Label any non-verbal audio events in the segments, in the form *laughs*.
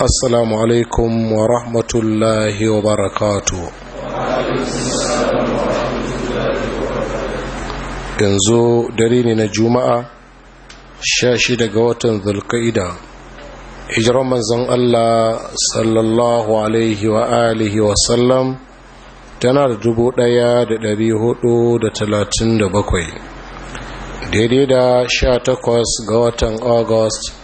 assalamu alaikum wa rahmatullahi wa barakatu yanzu dare ne na juma'a sha shida ga watan zulkaida hijiran manzon allah sallallahu alaihi wa alihi wa sallam tana da dubu ɗaya da dari hudu da talatin da bakwai daidai da sha takwas ga watan august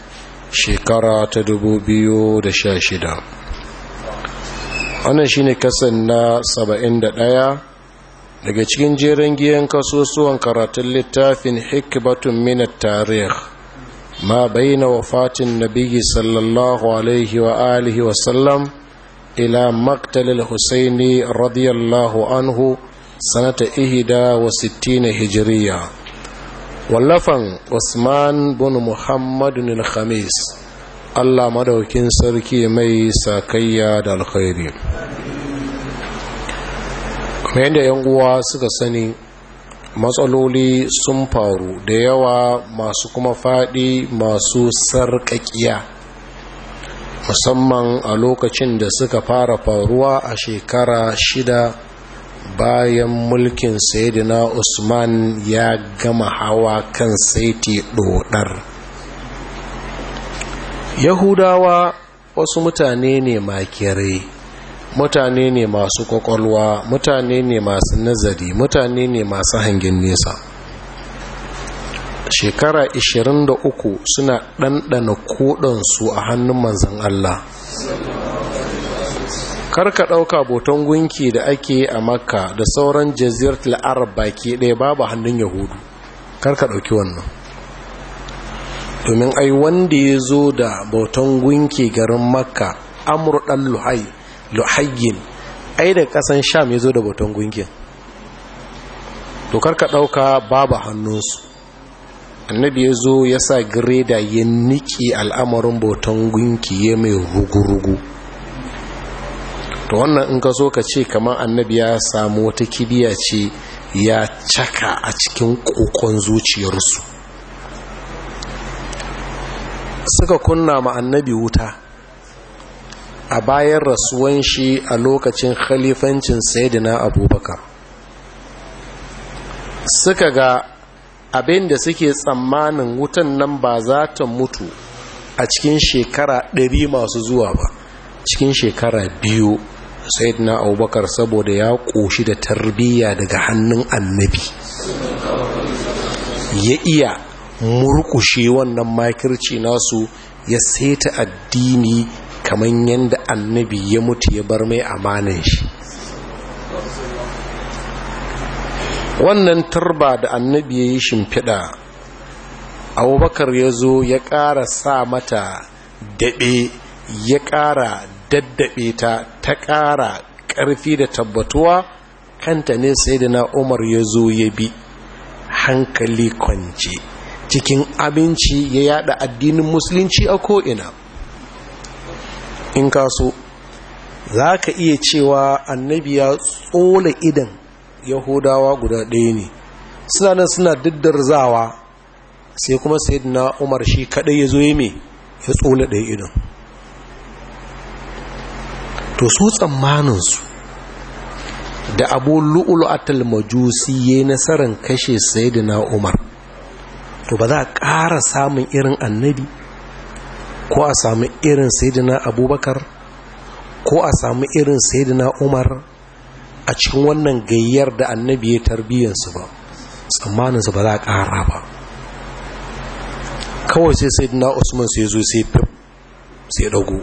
shekara ta dubu biyu da sha shida. wannan shine kasan na saba'in da ɗaya daga cikin jerin giyan kasusuwan karatun littafin hikbatun minat tarih ma bayyana wafatin nabiyyi sallallahu alaihi wa alihi wasallam ila maktalil husaini radiyallahu anhu sanata ihida wa sittina hijiriya wallafan usman bin Muhammadu al-khamis allah madaukin sarki mai sakayya da alkhairi kuma yadda yan uwa suka sani matsaloli sun faru da yawa masu kuma faɗi masu sarƙaƙiya musamman a lokacin da suka fara faruwa a shekara shida bayan mulkin sayyidina usman ya gama hawa kan saiti dodar yahudawa wasu mutane ne makirai mutane ne masu kwakwalwa mutane ne masu nazari mutane ne masu hangen nesa shekara 23 suna ɗanɗana kodansu a hannun manzan Allah karka ɗauka boton gunki da ake a makka da sauran jaziratul arab baki ɗaya babu hannun yahudu karka ɗauki wannan domin ai wanda ya zo da boton gunki garin makka amru ɗan luhai luhayyin ai da ƙasan sham ya zo da boton gunkin to karka ɗauka babu hannunsu annabi ya zo ya sa gireda ya niƙe al'amarin boton gunki ya mai rugurugu to wannan in ka zo ka ce kamar annabi ya samu wata kibiya ce ya caka a cikin kokon zuciyarsu suka kunna ma annabi wuta a bayan rasuwan shi a lokacin khalifancin sayyidina abubakar suka ga abin da suke tsammanin wutan nan ba za ta mutu a cikin shekara ɗari masu zuwa ba cikin shekara biyu sayyidina abubakar saboda ya ƙoshi da tarbiyya daga hannun annabi ya iya murkushe wannan makirci nasu ya saita addini kamar yadda annabi ya mutu ya bar mai amanin shi wannan turba da annabi ya yi shimfiɗa abubakar ya zo ya ƙara sa mata daɓe ya ƙara daddaɓe ta ta ƙara ƙarfi da tabbatuwa kanta ne sai da na umar ya zo ya bi hankali kwance cikin abinci ya yada addinin musulunci a ko'ina in kaso za ka iya cewa annabi ya tsola idan yahudawa guda ɗaya ne suna nan suna diddarzawa sai kuma sai na umar shi kaɗai ya zo ya mai ya tsola ɗaya idan to su tsammaninsu da abu lu'ulu'atul majusi ya nasarar kashe saidina umar to ba za a ƙara samun irin annabi ko a sami irin sayyidina abubakar ko a sami irin saidina umar a cikin wannan gayyar da annabi ya tarbiyyarsu ba tsammaninsu ba za a ƙara ba kawai sai sayyidina usman sai zo sai fi sai dago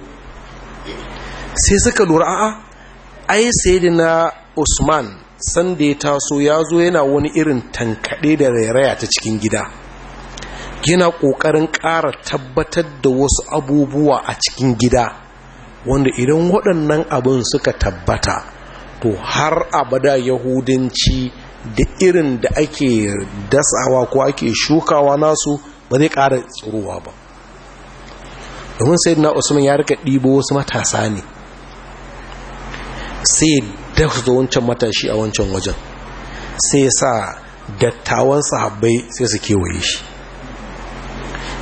sai suka lura a'a ai na usman sanda ya taso ya zo yana wani irin tankaɗe da rairaya ta cikin gida yana ƙoƙarin ƙara tabbatar da wasu abubuwa a cikin gida wanda idan waɗannan abin suka tabbata to har abada yahudanci da irin da ake dasawa ko ake shukawa nasu ba zai ƙara tsirowa ba domin sai na usman ya rika ɗibo wasu matasa ne sai da wancan matashi a wancan wajen sai sa dattawan sahabbai sai su kewaye shi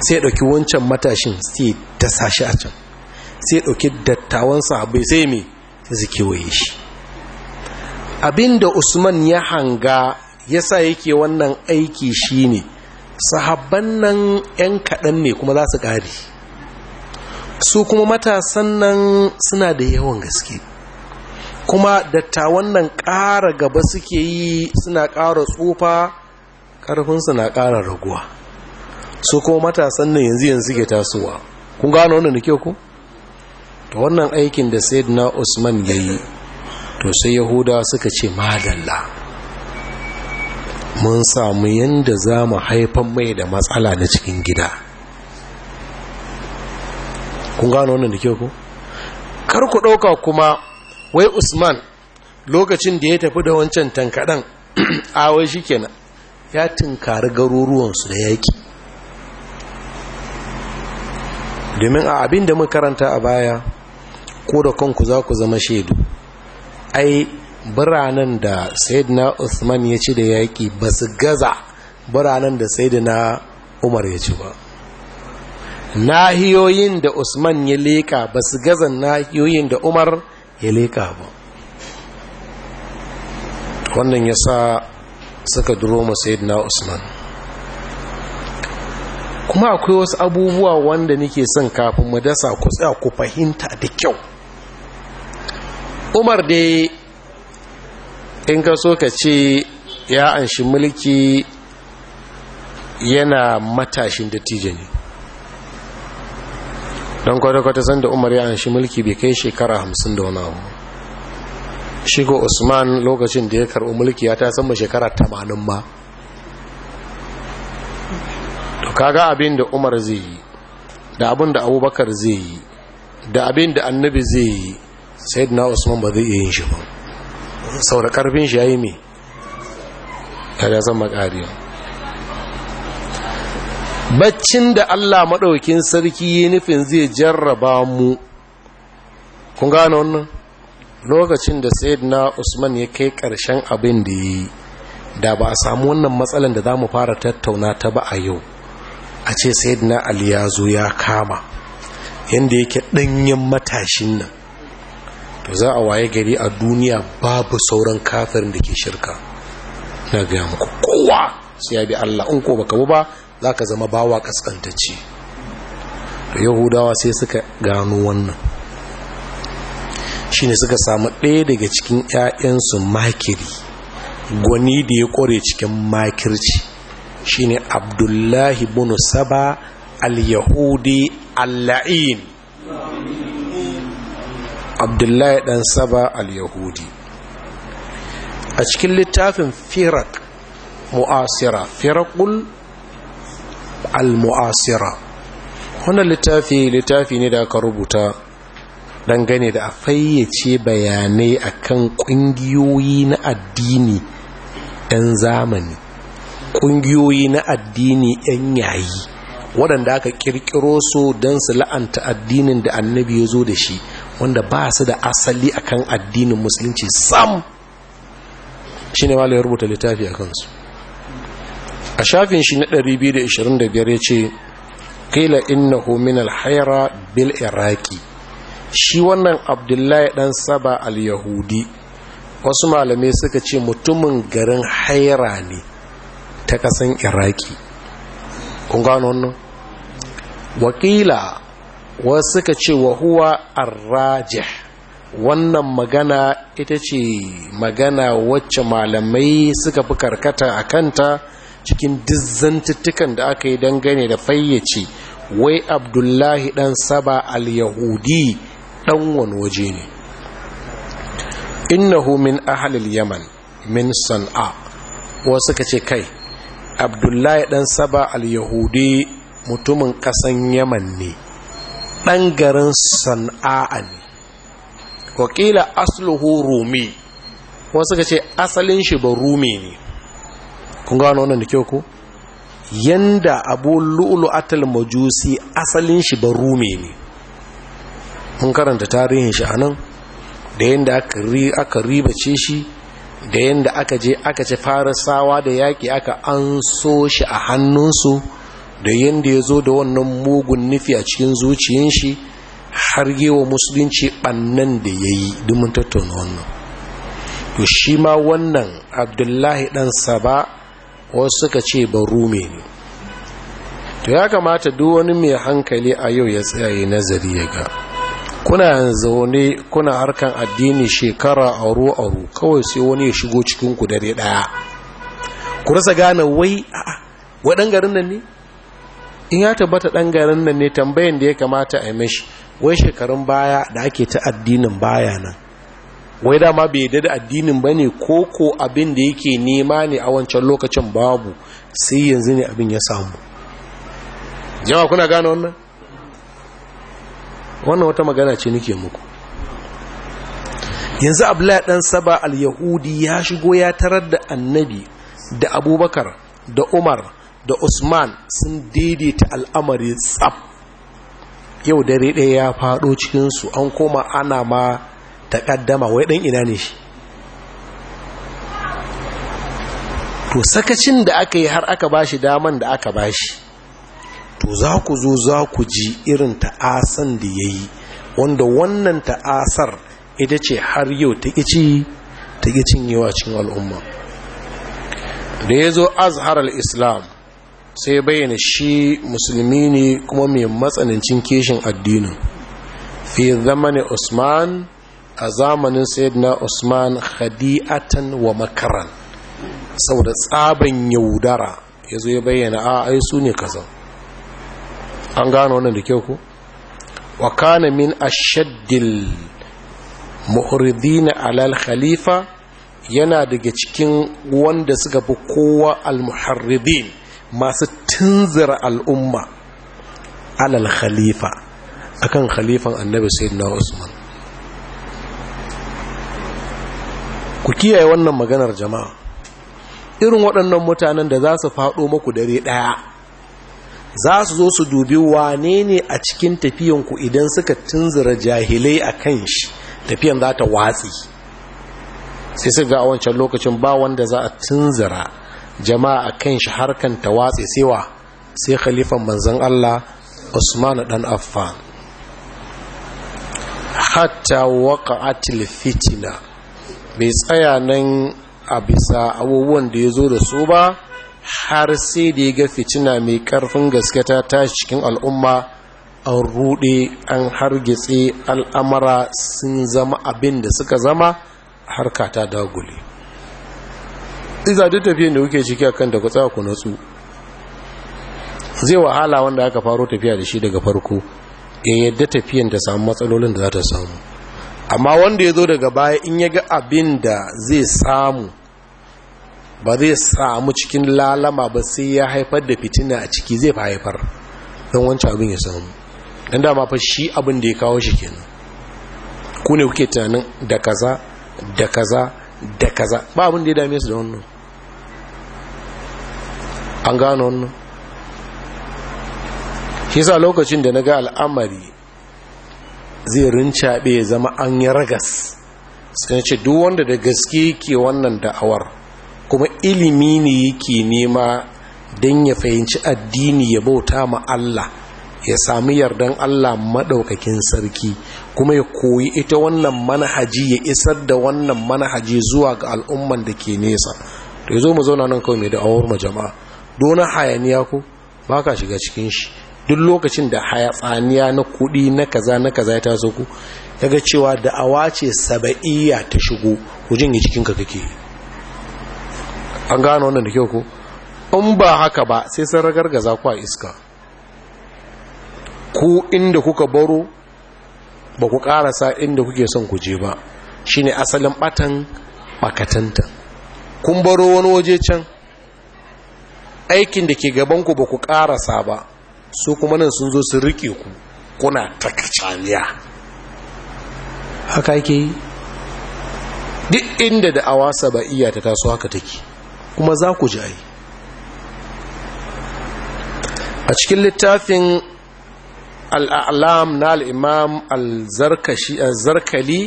sai ɗauki wancan matashin sai ta sashi a can sai ɗauki dattawan sahabbai sai mai sai su kewaye shi abinda usman ya hanga ya sa yake wannan aiki shine sahabban nan 'yan kaɗan ne kuma za su ƙari su kuma matasan nan suna da yawan gaske kuma dattawannan wannan ƙara gaba suke yi suna ƙara tsufa ƙarfinsu na ƙara raguwa su kuma matasan nan yanzu yanzu ke tasowa kun gano wannan da ke ku? ta wannan aikin da na usman ya yi to sai yahuda suka ce madalla mun samu yadda za mu haifan mai da matsala na cikin gida kun gano wannan da ke ku? kar ku ɗauka kuma wai usman lokacin da ya tafi da wancan tankaɗan awai *clears throat* shi kenan ya tunkari garuruwansu da yaƙi domin a abin da makaranta a baya ko da kanku za ku zama shaidu ai biranen da na usman ya ci da yaƙi ba su gaza biranen da na umar ya ci ba nahiyoyin da usman ya leƙa ba su gaza nahiyoyin da umar ya leƙa ba wannan ya sa suka duro masayid usman kuma akwai wasu abubuwa wanda nake son kafin mu dasa ku tsaya ku fahimta da kyau umar dai in ka so ka ce ya anshi mulki yana matashin dattijo ne don kwata-kwata sanda umar ya shi mulki bai kai shekara hamsin da wani abu shigo usman lokacin da ya karɓi mulki ya ta ma shekara tamanin ma to kaga abin da umar zai yi da abin da abubakar zai yi da abin da annabi zai yi sai na usman ba zai iya yin shi ba sau da karfin shi ya yi mai ya zama ƙariya baccin da Allah maɗaukin sarki ya nufin zai jarraba mu kun gane wannan lokacin da na usman ya kai ƙarshen abin da ya yi da ba a samu wannan matsalan da za mu fara tattauna ta ba a yau a ce sayyidina ali ya zo ya kama yadda yake ɗanyen matashin nan to za a waye gari a duniya babu sauran kafirin da ke shirka na gaya muku kowa sai ya bi Allah in ko baka ba za ka zama bawa kaskantacci yahudawa sai suka gano wannan shine suka samu ɗaya daga cikin 'ya'yansu makiri gwani da ya ƙware cikin makirci shine abdullahi bin saba al-yahudi al-la'in abdullahi dan saba al-yahudi a cikin littafin firak mu'asira firakul al-mu'asira wannan littafi littafi ne da aka rubuta dangane da a fayyace bayanai akan ƙungiyoyi na addini 'yan zamani ƙungiyoyi na addini 'yan yayi waɗanda aka ƙirƙiro su don su la'anta addinin da annabi ya zo da shi wanda ba su da asali akan addinin musulunci sam shi ne ya rubuta littafi a kansu a shafin shi na 225 ya ce kaila innahu min alhaira bil iraki shi wannan abdullahi dan saba al-yahudi wasu malamai suka ce mutumin garin haira ne ta kasan iraki kun gano wannan wakila wasu suka ce wa huwa arrajih wannan magana ita ce magana wacce malamai suka fi karkata a kanta cikin dizzantuttukan da aka yi dangane da fayyace wai abdullahi dan saba al-yahudi dan wani waje ne innahu min ahalil yaman min san'a wasu ka ce kai abdullahi dan saba al-yahudi mutumin kasan yaman ne dan garin san'a'a ne wakila asluhu rumi wasu ka ce asalin shi ba rumi ne kun gano wannan da kyau ko yanda abu lu'ulu atal majusi asalin shi ba rume ne mun karanta tarihin shi anan da yanda aka ri aka ribace shi da yanda aka je aka ci farasawa da yaƙi aka anso shi a hannunsu da yanda ya zo da wannan mugun nufi a cikin zuciyin shi har wa musulunci bannan da ya yi dumin tattauna wannan to shi ma wannan abdullahi ɗan saba wasu suka ce ba rume ne to ya kamata duk wani mai hankali a yau ya tsaye nazari ya ga kuna zaune kuna harkan addini shekara aro aro kawai sai wani ya shigo cikin ku dare daya ku rasa gane wai wa wadan garin nan ne in ya tabbata dan garin nan ne tambayan da ya kamata a yi mashi wai shekarun baya da ake ta addinin baya nan wai dama bai yadda da addinin ba ne ko ko abin da yake nema ne a wancan lokacin babu sai yanzu ne abin ya samu jama kuna gane wannan wannan wata magana ce nike muku yanzu abla dan saba al-yahudi ya shigo ya tarar da annabi da abubakar da umar da usman sun daidaita al'amari tsab yau dare ɗaya ya faɗo cikinsu an koma ana ma takaddama wai ɗan ina ne shi to sakacin da aka yi har aka bashi daman da aka bashi to za ku zo za ku ji irin ta'asan da ya yi wanda wannan ta'asar ita ce har yau ta ƙici ta ƙicin yawa cikin al'umma da ya zo azhar al-islam sai bayyana shi musulmi ne kuma mai matsanancin kishin addinin fi zamanin usman a zamanin sayyidina usman khadi'atan wa makaran saboda tsaban yaudara ya zo ya bayyana a ai su ne kaza an gano wannan da kyau ku wa kana min ashaddil mu'ridina alal khalifa yana daga cikin wanda suka fi kowa al masu tunzira al'umma alal khalifa akan khalifan annabi sayyidina usman ku kiyaye wannan maganar jama'a irin waɗannan mutanen da za su faɗo maku dare ɗaya za su zo su dubi wane ne a cikin tafiyanku idan suka tunzura jahilai a kan shi tafiyan za ta watsi sai su ga wancan lokacin ba wanda za a tunzura jama'a a kan shi harkan ta watsi sewa sai khalifan manzan Allah Usman dan Affan hatta waqa'atil fitina bai tsaya nan a bisa abubuwan da ya zo da su ba har sai da ya ga fitina mai karfin gaske ta tashi cikin al'umma an rude an hargitse al'amara sun zama abin da suka zama harka ta dagule iza duk tafiyan da kuke ciki akan da kutsa ku natsu zai wahala wanda aka faro tafiya da shi daga farko ya yadda tafiyan da samu matsalolin da za ta samu amma wanda ya zo daga baya in ya ga abin da zai samu ba zai samu cikin lalama ba sai ya haifar da fitina a ciki zai fa haifar don wancan abin ya samu don dama fa shi abin da ya kawo shi kenan ku ne kuke tunanin da kaza da kaza da kaza ba abin da ya dame su da wannan an gano wannan shi sa lokacin da na ga al'amari zai rincaɓe ya zama an yi ragas suka ce duk wanda da gaske ke wannan da'awar kuma ilimi ne yake nema don ya fahimci addini ya bauta ma Allah ya sami yardan Allah maɗaukakin sarki kuma ya koyi ita wannan manhaji ya isar da wannan manhaji zuwa ga al'umman da ke nesa to ya zo mu zauna nan kawai mai da'awar ma jama'a dona hayaniya ko ba ka shiga cikin shi duk lokacin da hayatsaniya na kuɗi na kaza na kaza ya taso ku kaga cewa da awa ce saba'iyya ta shigo ku jin jikinka kake an gano wannan da kyau ko in ba haka ba sai sun ragargaza ku a iska ku inda kuka baro ba ku karasa inda kuke son ku je ba shine asalin batan bakatanta kun baro wani waje can aikin da ke gabanku ba ku karasa ba su kuma nan sun zo su rike ku kuna takacaniya haka yake duk inda da awa saba'iyya ta taso haka take kuma za ku ji yi. a cikin littafin al'alam na al'imam al-zarkali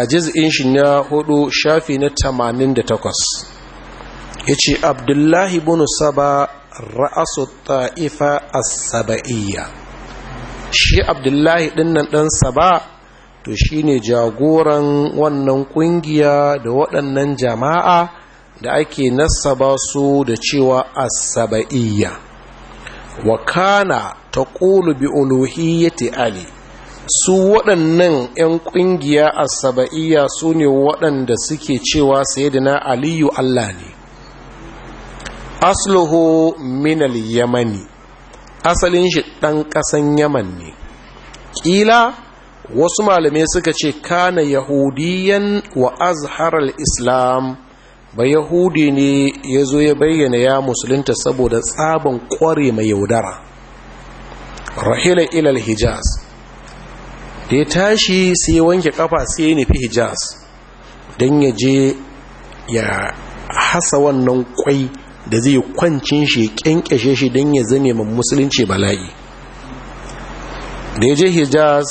a jiz'in shi na hudu shafi na 88 ya ce abdullahi bunu saba ra'asu ta'ifa as-saba'iyya shi abdullahi dinnan dan saba to shine jagoran wannan kungiya da waɗannan jama'a da ake nasaba su da cewa as-saba'iyya wa kana taqulu bi uluhiyyati ali su waɗannan 'yan ƙungiya Asaba'iyya saba'iyya su ne waɗanda suke cewa sayyidina aliyu Allah ne asluhu minal yamani asalin shi ɗan ƙasan yaman ne ƙila wasu malamai suka ce kana yahudiyan wa azharar islam ba yahudi ne ya zo ya bayyana ya musulunta saboda tsaban kware mai yaudara rahila ilal hijaz da ya tashi sai wanke kafa sai ya nufi hijaz don ya je ya hasa wannan kwai da zai kwancin shi kyankyashe shi don ya zame ma musulunci bala'i da ya je hijaz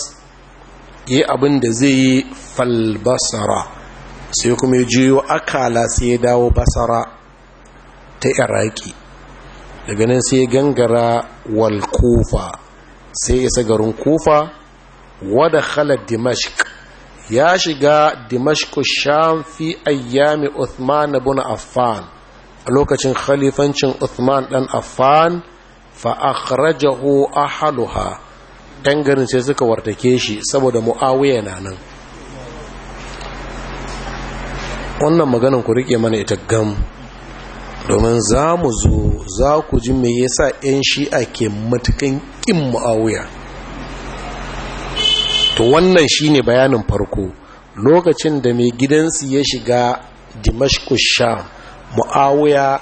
yi abin da zai yi falbasara sai kuma ya juyo akala sai ya dawo basara ta iraki daga nan sai ya gangara wal kufa sai ya garin kufa wada khala dimashq ya shiga dimashq shan fi ayyami uthman ibn affan a lokacin khalifancin Uthman dan Affan fa akhrajahu ahaluha dan garin sai suka wartake shi saboda Muawiya na nan wannan maganan ku rike mana ita gam domin za mu zo za ku ji me yasa 'yan shi'a ke matukan ƙin mu'awiya to wannan shine bayanin farko lokacin da mai gidansu ya shiga dimashku sham mu'awiya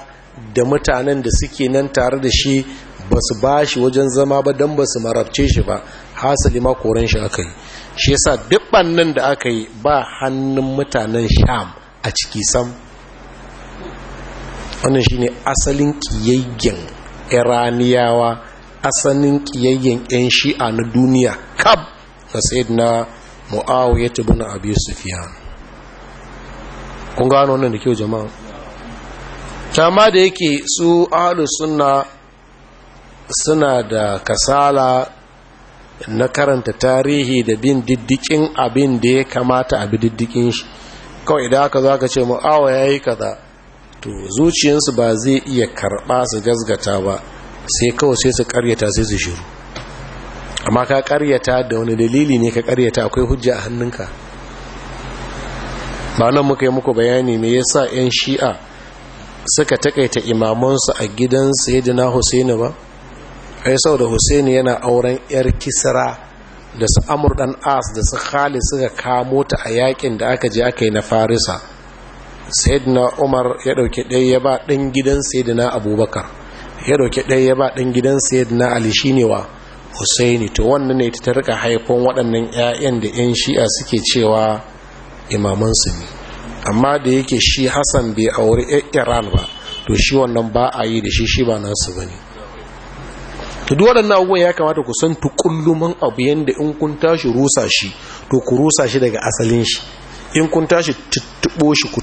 da mutanen da suke nan tare da shi ba su ba shi wajen zama ba don ba su marabce shi ba hasali ma koren shi aka yi shi yasa duk nan da aka yi ba hannun mutanen sham a ciki sam wannan ne asalin ƙiyayyen iraniyawa asalin ƙiyayyen yan shi'a na duniya kab na sayyidina mu'awiyah ibn abu sufyan kun gano nan da kyau jama'a tama da yake su ahlus sunna suna da kasala na karanta tarihi da bin diddikin abin da ya kamata a bi diddikin shi kawai da aka zaka ka ce mu'awa ya yi kaza to zuciyarsu ba zai iya karɓa su gazgata ba sai kawai sai su karyata sai su shiru amma ka karyata da wani dalili ne ka karyata akwai hujja a hannunka ba nan muka yi muku bayani me yasa 'yan shi'a suka takaita imamansu a gidan sayyidina husaini ba ai da husaini yana auren yar kisra da su amur dan as da su khali suka kamo ta a yakin da aka je aka yi na farisa sayyidina umar ya dauke ɗaya ya ba ɗan gidan sayyidina abubakar ya dauke ɗaya ya ba ɗan gidan sayyidina ali shine wa husaini to wannan ne ta rika haifon waɗannan 'ya'yan da 'yan shi'a suke cewa imamansu ne amma da yake shi hassan bai auri iran ba to shi wannan ba a yi da shi shi ba nasu ba ne to duk waɗannan abubuwan ya kamata ku san tukulluman abu yadda in kun tashi rusa shi to ku rusa shi daga asalin shi in kun tashi tuttuɓo shi ku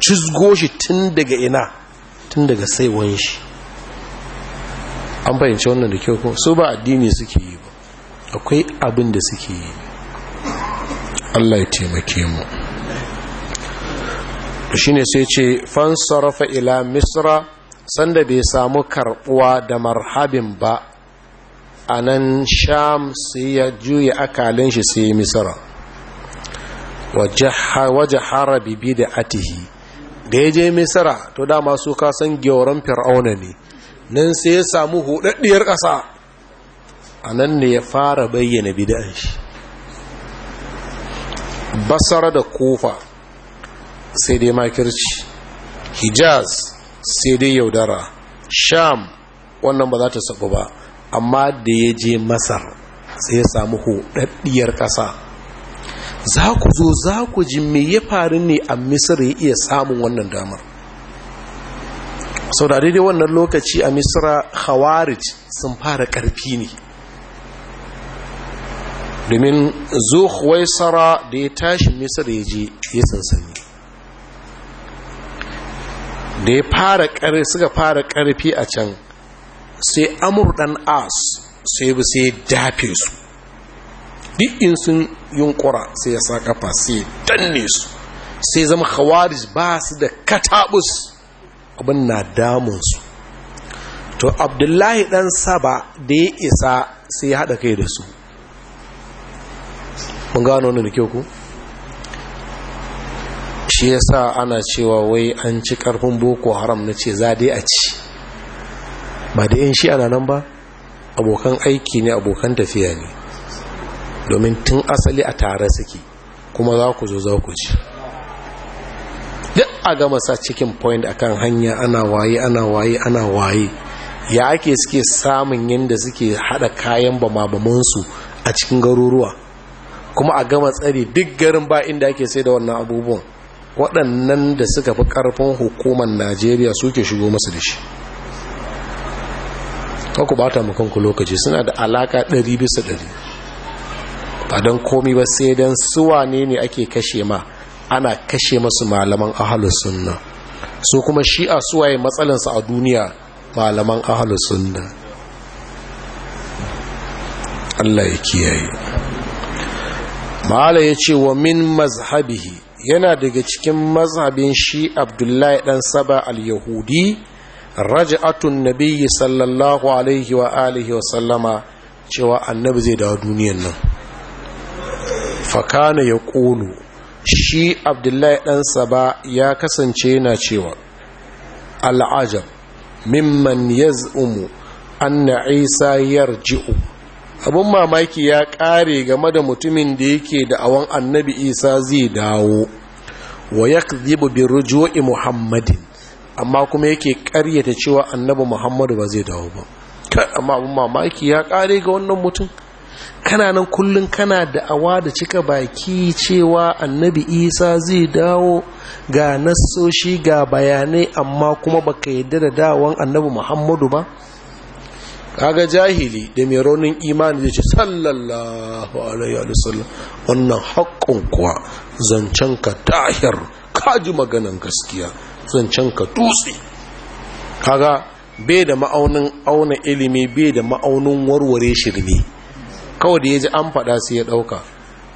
cizgo shi tun daga ina tun daga saiwan shi an fahimci wannan da kyau ko su ba addini suke yi ba akwai abin da suke yi Allah ya taimake mu shine sai ce fansarafa ila misra sanda bai samu karbuwa da marhabin ba a nan sham sai ya juya akalin shi sai misra waje harabi bi da atihi da ya je misra to dama su kasan gyoron fir'auna ne nan sai ya samu hudaddiyar ƙasa a nan ne ya fara bayyana bidan shi basara da kofa sai dai makirci hijaz sai dai yaudara sham wannan ba za ta sabu ba amma da ya je masar sai ya samu hudaddiyar ƙasa za ku zo za ku ji me ya faru ne a misir ya iya samun wannan damar sau da daidai wannan lokaci a misira khawarij sun fara ƙarfi ne domin zuwa waisara da ya tashi misir ya je ya sansani da ya fara ƙarfi suka fara ƙarfi a can sai amur dan as sai bi sai dafe su duk in sun yunkura sai ya sa kafa sai danne su sai zama khawarij ba su da katabus abin na damun su to abdullahi ɗan saba da ya isa sai ya haɗa kai da su mun gano wannan da kyau ku shi yasa ana cewa wai an ci karfin boko haram na ce za dai a ci ba da yan shi ana nan ba abokan aiki ne abokan tafiya ne domin tun asali a tare suke kuma za ku zo za ku ci duk a gama sa cikin point kan hanya ana waye ana waye ana waye ya ake suke samun yadda suke hada kayan bamabamansu a cikin garuruwa kuma a gama tsari duk garin ba inda ake sai da wannan abubuwan waɗannan da suka fi ƙarfin hukumar najeriya suke shigo masu da shi ku bata ta lokaci suna da alaka ɗari bisa ba don komi ba sai don suwa ne ne ake kashe ma ana kashe masu malaman ahalus sunna su kuma shi shi'a suwaye matsalinsa a duniya malaman ahalus sunna Allah ya kiyaye ma'ala ya ce wa min mazhabihi yana daga cikin mazhabin shi abdullahi dan saba al-yahudi raj'atun nabiyyi sallallahu alaihi wa alihi wa sallama cewa annabi zai dawo duniyan nan fakana ya yaqulu shi abdullahi dan saba ya kasance yana cewa al'ajab mimman yaz'umu anna isa yarji'u Abun mamaki ya kare game da mutumin da yake da awon annabi isa zai dawo wa ya bi rujo'i muhammadin amma kuma yake karyata cewa annabi muhammadu ba zai dawo ba amma abun mamaki ya kare ga wannan mutum kana nan kullum kana da awa da cika baki cewa annabi isa zai dawo ga nassoshi ga bayanai amma kuma baka yadda da dawon annabi muhammadu ba kaga jahili da mai raunin imani zai ce sallallahu alaihi wa sallam wannan haƙƙun kuwa zancen ka tahir kaji maganan gaskiya zancen ka dutse kaga bai da ma'aunin auna ilimi bai da ma'aunin warware shirme kawai da ya ji an faɗa sai ya ɗauka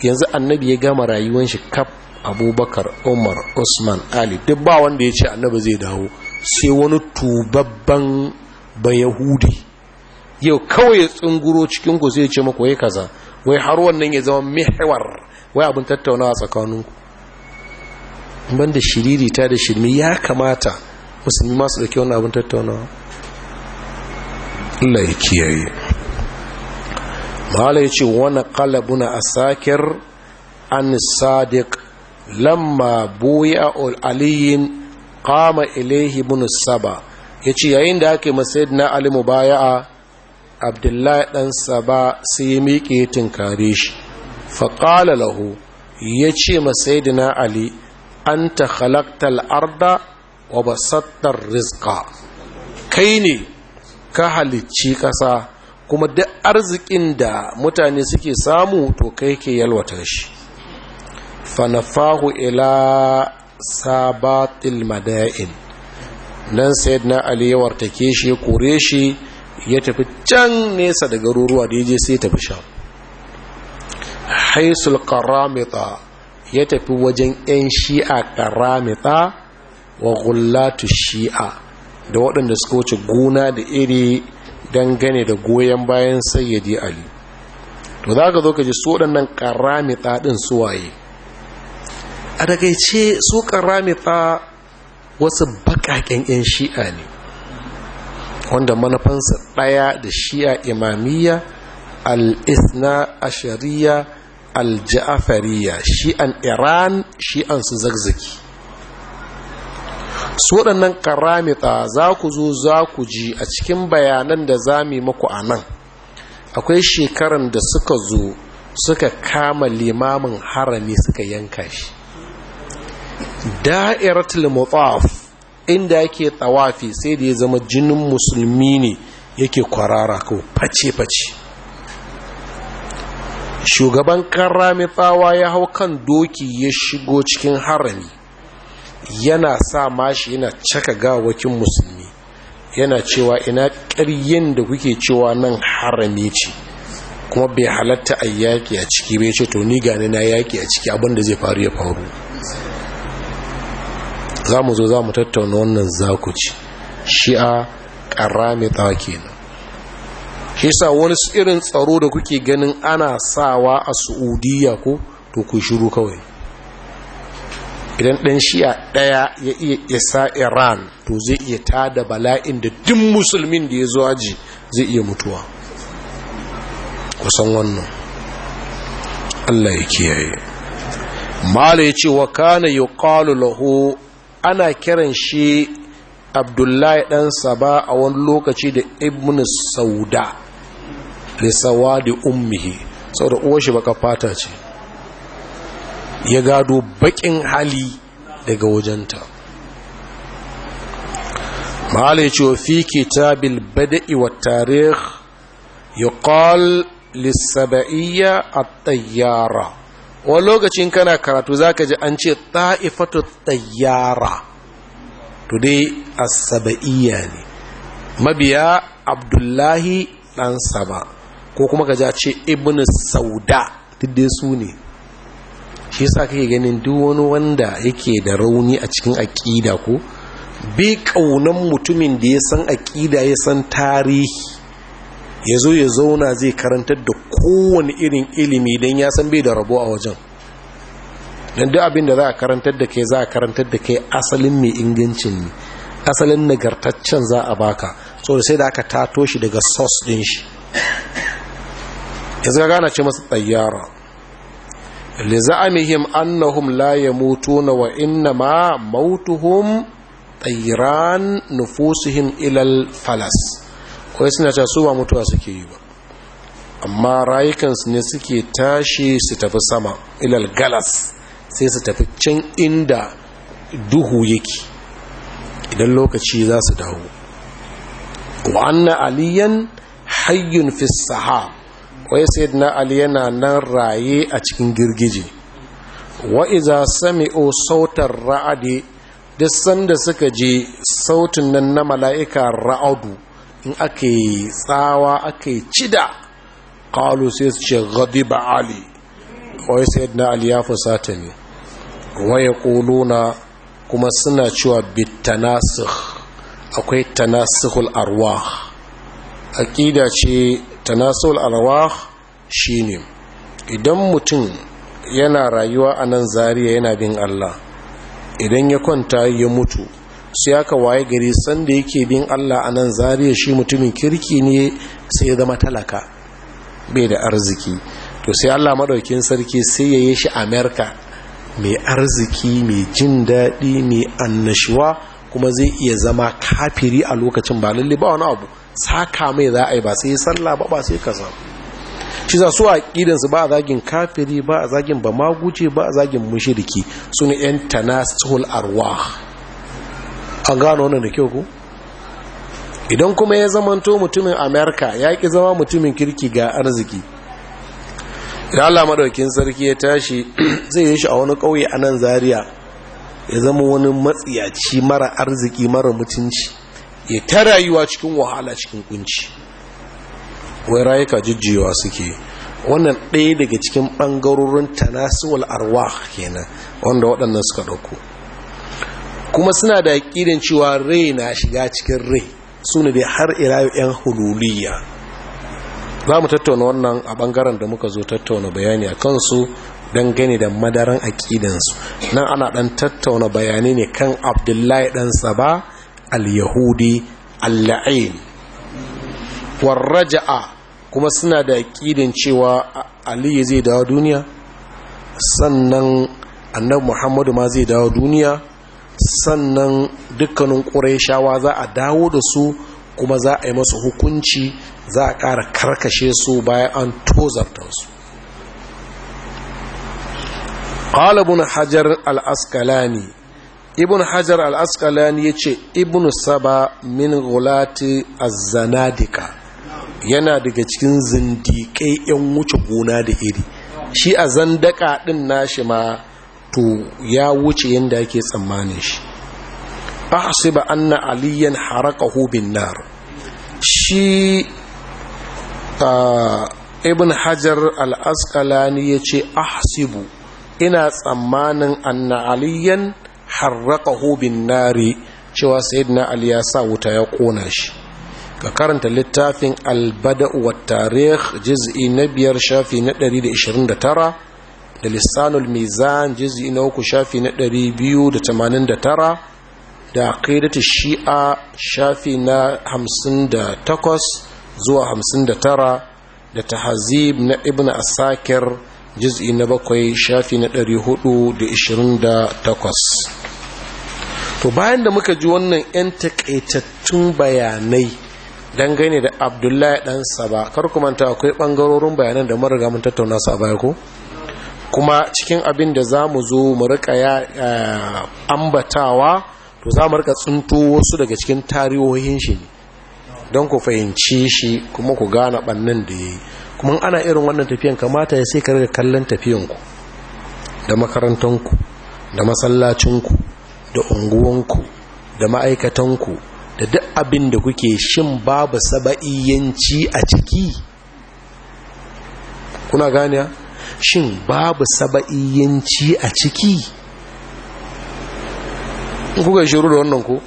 yanzu annabi ya gama rayuwan shi kaf abubakar umar usman ali duk ba wanda ya ce annabi zai dawo sai wani tubabban bayahudi yau kawai ya tsunguro cikin ku zai ce muku wai kaza wai har wannan ya zama mihwar wai abin tattaunawa tsakaninku ban da shiriri ta da shirmi ya kamata musulmi masu da kyau abin tattaunawa Allah ya kiyaye mala yace ce wani kalabuna an sadiq lamma buya aliyin qama ilayhi saba ya yayin da ake masayid na alimu a. abdullahi ɗan saba sai ya miƙe tunkare shi faƙala lahu ya ce masaidina ali an ta halaktar arda wa basattar rizka kai ne ka halicci ƙasa kuma duk arzikin da mutane suke samu to kai ke yalwata shi fanafahu ila sabatil mada'in nan sayyidina ali ya wartake shi kore shi ya tafi can nesa da garuruwa da ya je sai tafi shan haisul karamita ya tafi wajen 'yan shi'a karamita wa gullatu shi'a da waɗanda suka wuce guna da iri dangane da goyon bayan sayyadi ali to za ka zo ka ji su waɗannan karamita ɗin suwaye a daga ce su karamita wasu baƙaƙen 'yan shi'a ne wanda manufansa ɗaya da shi'a imamiyya al a ashariya al-ja'afariya shi'an iran shi'an su zagzaki su waɗannan karamita za ku zo za ku ji a cikin bayanan da za mu yi maku a nan akwai shekaran da suka zo suka kama limamin harami suka yanka shi da'iratul mutaf inda yake tsawafi sai da ya zama jinin musulmi ne yake kwarara ko face-face shugaban karrami tsawa ya hau kan doki ya shigo cikin harami yana sa mashi yana caka gawakin musulmi yana cewa ina ƙaryen da kuke cewa nan harami ce kuma bai halatta a yaƙi a ciki bai ce to ni gane na yaƙi a ciki abinda zai faru ya faru za mu zo za mu tattauna wannan zakuci shi'a ƙarami kenan shi sa wani irin tsaro da kuke ganin ana sawa a su'udiyya ko to ku shiru kawai idan ɗan shi'a ɗaya ya iya isa iran to zai iya tada bala'in da duk musulmin da ya zo aji zai iya mutuwa kusan wannan allah ya kiyaye mala ya ce wa kana yi lahu ana kiran shi abdullahi dan saba a wani lokaci da ibn sauda da sawa da ummihi saboda uwar shi baka fata ce ya gado bakin hali daga wajenta mahala ya ce wa fi kitabil bada'i wa tarih ya ƙal lissaba'iyya a tayyara wani lokacin kana karatu zaka ji an ce ta'ifatu tayyara to dai ne mabiya abdullahi dan saba ko kuma ka ja ce Ibn sauda duk dai su ne shi yasa kake ganin duk wani wanda yake da rauni a cikin aƙida ko bi ƙaunan mutumin da ya san aƙida ya san tarihi ya zo ya zauna zai karantar da kowane irin ilimi don ya san bai da rabo a wajen don duk abin da za a karantar da kai za a karantar da kai asalin mai ingancin ne asalin nagartaccen za a baka so sai da aka tato shi daga sos din shi yanzu zaga gana ce masu tsayyara li za'amihim annahum la yamutuna wa innama mautuhum tsayyaran nufusihim ilal falas Kawai suna cewa su ba mutuwa suke yi ba amma rayukansu ne suke tashi su tafi sama ilal galas sai su tafi can inda duhu yake idan lokaci za su dawo wa'anna aliyan hayyun fi sahab wai sai ali yana nan raye a cikin girgije Wa'iza sami'o o sautar ra'adi duk sanda suka je sautin nan na mala'ika ra'adu in ake tsawa ake cida ƙalu sai su ce gadi ba ali wai sai na ali ya fusata ne waya ƙuluna kuma suna cewa bitanasir akwai tanasihul arwa aƙida ce tanasihul arwa shine idan mutum yana rayuwa a nan zariya yana bin allah idan ya kwanta ya mutu sai aka waye gari sanda yake bin Allah a nan zariya shi mutumin kirki ne sai ya zama talaka bai da arziki to sai Allah maɗaukin sarki sai ya yi shi amerika mai arziki mai jin daɗi mai annashuwa kuma zai iya zama kafiri a lokacin ba lalle ba wani abu saka mai za a yi ba sai ya sallah ba ba sai ka samu shi za su a ƙidansu ba a zagin kafiri ba a zagin ba maguce ba a zagin mushiriki su ne 'yan tanasuhul arwah an gano wannan da kyau ku idan kuma ya zamanto mutumin amerika ya ki zama mutumin kirki ga arziki idan allah madaukin sarki ya tashi *clears throat* zai yi shi a wani ƙauye a nan Zariya ya zama wani matsiyaci mara arziki mara mutunci ya ta rayuwa cikin wahala cikin kunci wai rayuka jujjewa suke wannan ɗaya daga cikin ɓangarorin tanasuwal arwa kenan wanda waɗannan suka ɗauko kuma suna da aƙidan cewa rai na shiga cikin rai su ne dai har irayu 'yan hululiya za mu tattauna wannan a ɓangaren da muka zo tattauna bayani a kansu don gani da madaran aƙidansu nan ana ɗan tattauna bayani ne kan abdullahi ɗan saba al-yahudi al-la'in warraja'a kuma suna da yaƙinin cewa aliyu zai dawo duniya sannan annabi muhammadu ma zai dawo duniya sannan dukkanin ƙurayshawa za a dawo da su kuma za a yi masu hukunci za a ƙara karkashe su bayan an tozarta su ƙalibin hajar al'askalani ibn hajar al'askalani ya ce ibn saba min gulati azzanadika yana daga cikin zindiƙai 'yan wuce gona da iri shi a zandaka ɗin nashi ma to ya wuce yadda ake tsammanin shi A an na aliyan haraka hubin nar shi ibn hajar al-asqalani yace ahsibu ina tsammanin anna aliyan haraka hubin nari cewa na ali ya sa wuta ya ƙona shi ka karanta littafin albada wa tarih jiz'i na biyar shafi na 129 da lissanul mizan jizi na uku shafi na 289 da kaidati shi'a shafi na 58 zuwa 59 da tahazib na ibn asakir juz'i na bakwai shafi na 428 to bayan da muka ji wannan 'yan takaitattun bayanai dangane da abdullahi ɗansa ba kar manta akwai ɓangarorin bayanan da mara riga tattauna su a baya ko kuma cikin abin da za mu zo mu rika ya eh, ambatawa to za mu rika tsinto wasu daga cikin tarihohin shi ne don ku fahimci shi kuma ku gane bannin da ya yi kuma ana irin wannan tafiyan kamata ya sai ka rika kallon tafiyanku da makarantanku da masallacinku da unguwanku da ma'aikatanku da duk abin da kuke shin babu saba'iyyanci a ciki kuna ganiya shin babu saba'iyyanci a ciki kuka yi shiru da wannan ku?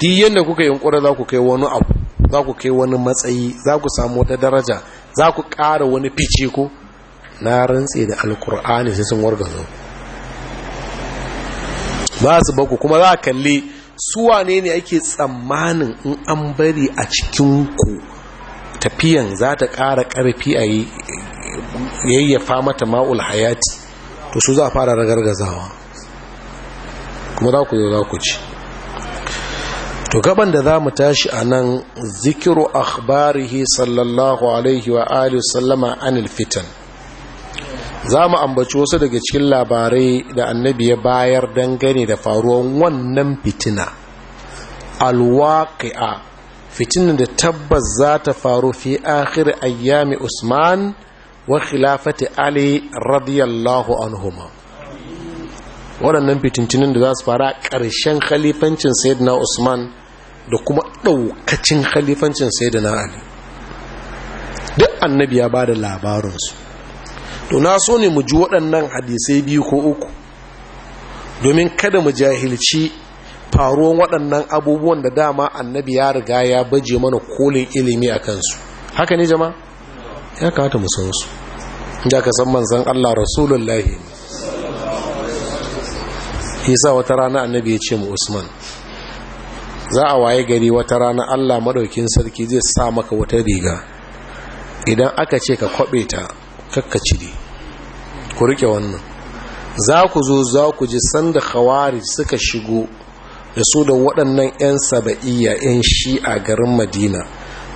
di yadda kuka yi yunkura za ku kai wani abu za ku kai wani matsayi za ku samu wata daraja za ku ƙara wani fice ku? na rantse da alkur'ani sai sun wargazo ba su baku kuma za a kalli suwa ne ake tsammanin in an bari a cikinku tafiyan za ta ƙara ƙarfi a yi yayyafa mata ma'ul hayati to su za a fara ragargazawa kuma za ku zo za ku ci to gaban da za mu tashi a nan zikiru akhbarihi sallallahu alaihi wa alihi sallama anil fitan za mu ambaci wasu daga cikin labarai da annabi ya bayar dangane da faruwan wannan fitina alwaƙi'a fitinin da tabbas za ta faru fi akhir ayyami usman wa khilafati ali radiyallahu anhuma waɗannan fitincinin da za su fara ƙarshen khalifancin sayyidina usman da kuma ɗaukacin khalifancin sayyidina ali duk annabi ya ba da su to na so ne mu ji waɗannan hadisai biyu ko uku domin kada mu jahilci faruwan waɗannan abubuwan da dama annabi ya riga ya baje mana kolin ilimi a su, haka ne jama'a ya kawata mu ka san manzan Allah rasulullahi isa wata rana annabi ya ce mu usman za a waye gari wata rana Allah madaukin sarki zai sa maka wata riga idan aka ce ka kwabe ta kakka cire ku rike wannan za ku zo za ku ji sanda khawari suka shigo da su da waɗannan 'yan saba'iyya 'yan shi a garin madina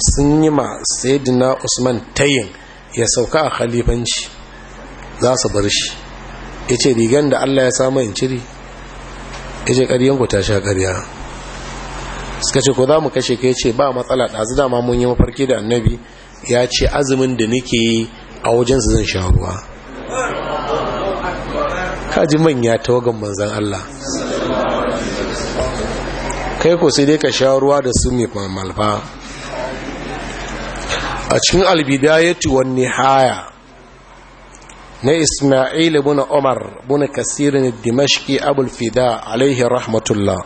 sun yi ma sayyidina usman tayin ya sauka a khalifanci za su bar shi ya ce rigan da allah ya samu in ciri ya ce ƙaryanku ta sha ƙarya suka ce ko za mu kashe ka ya ce ba matsala ɗazu dama mun yi mafarki da annabi ya ce azumin da nake yi a wajen su zan sha ruwa kaji manya ta tawagan manzan allah kai ko sai dai ka sha ruwa da su mai malfa a cikin albidayati wa nihaya na Ismail ibn Umar ibn Kasir al-Dimashqi Abu fida alaihi rahmatullah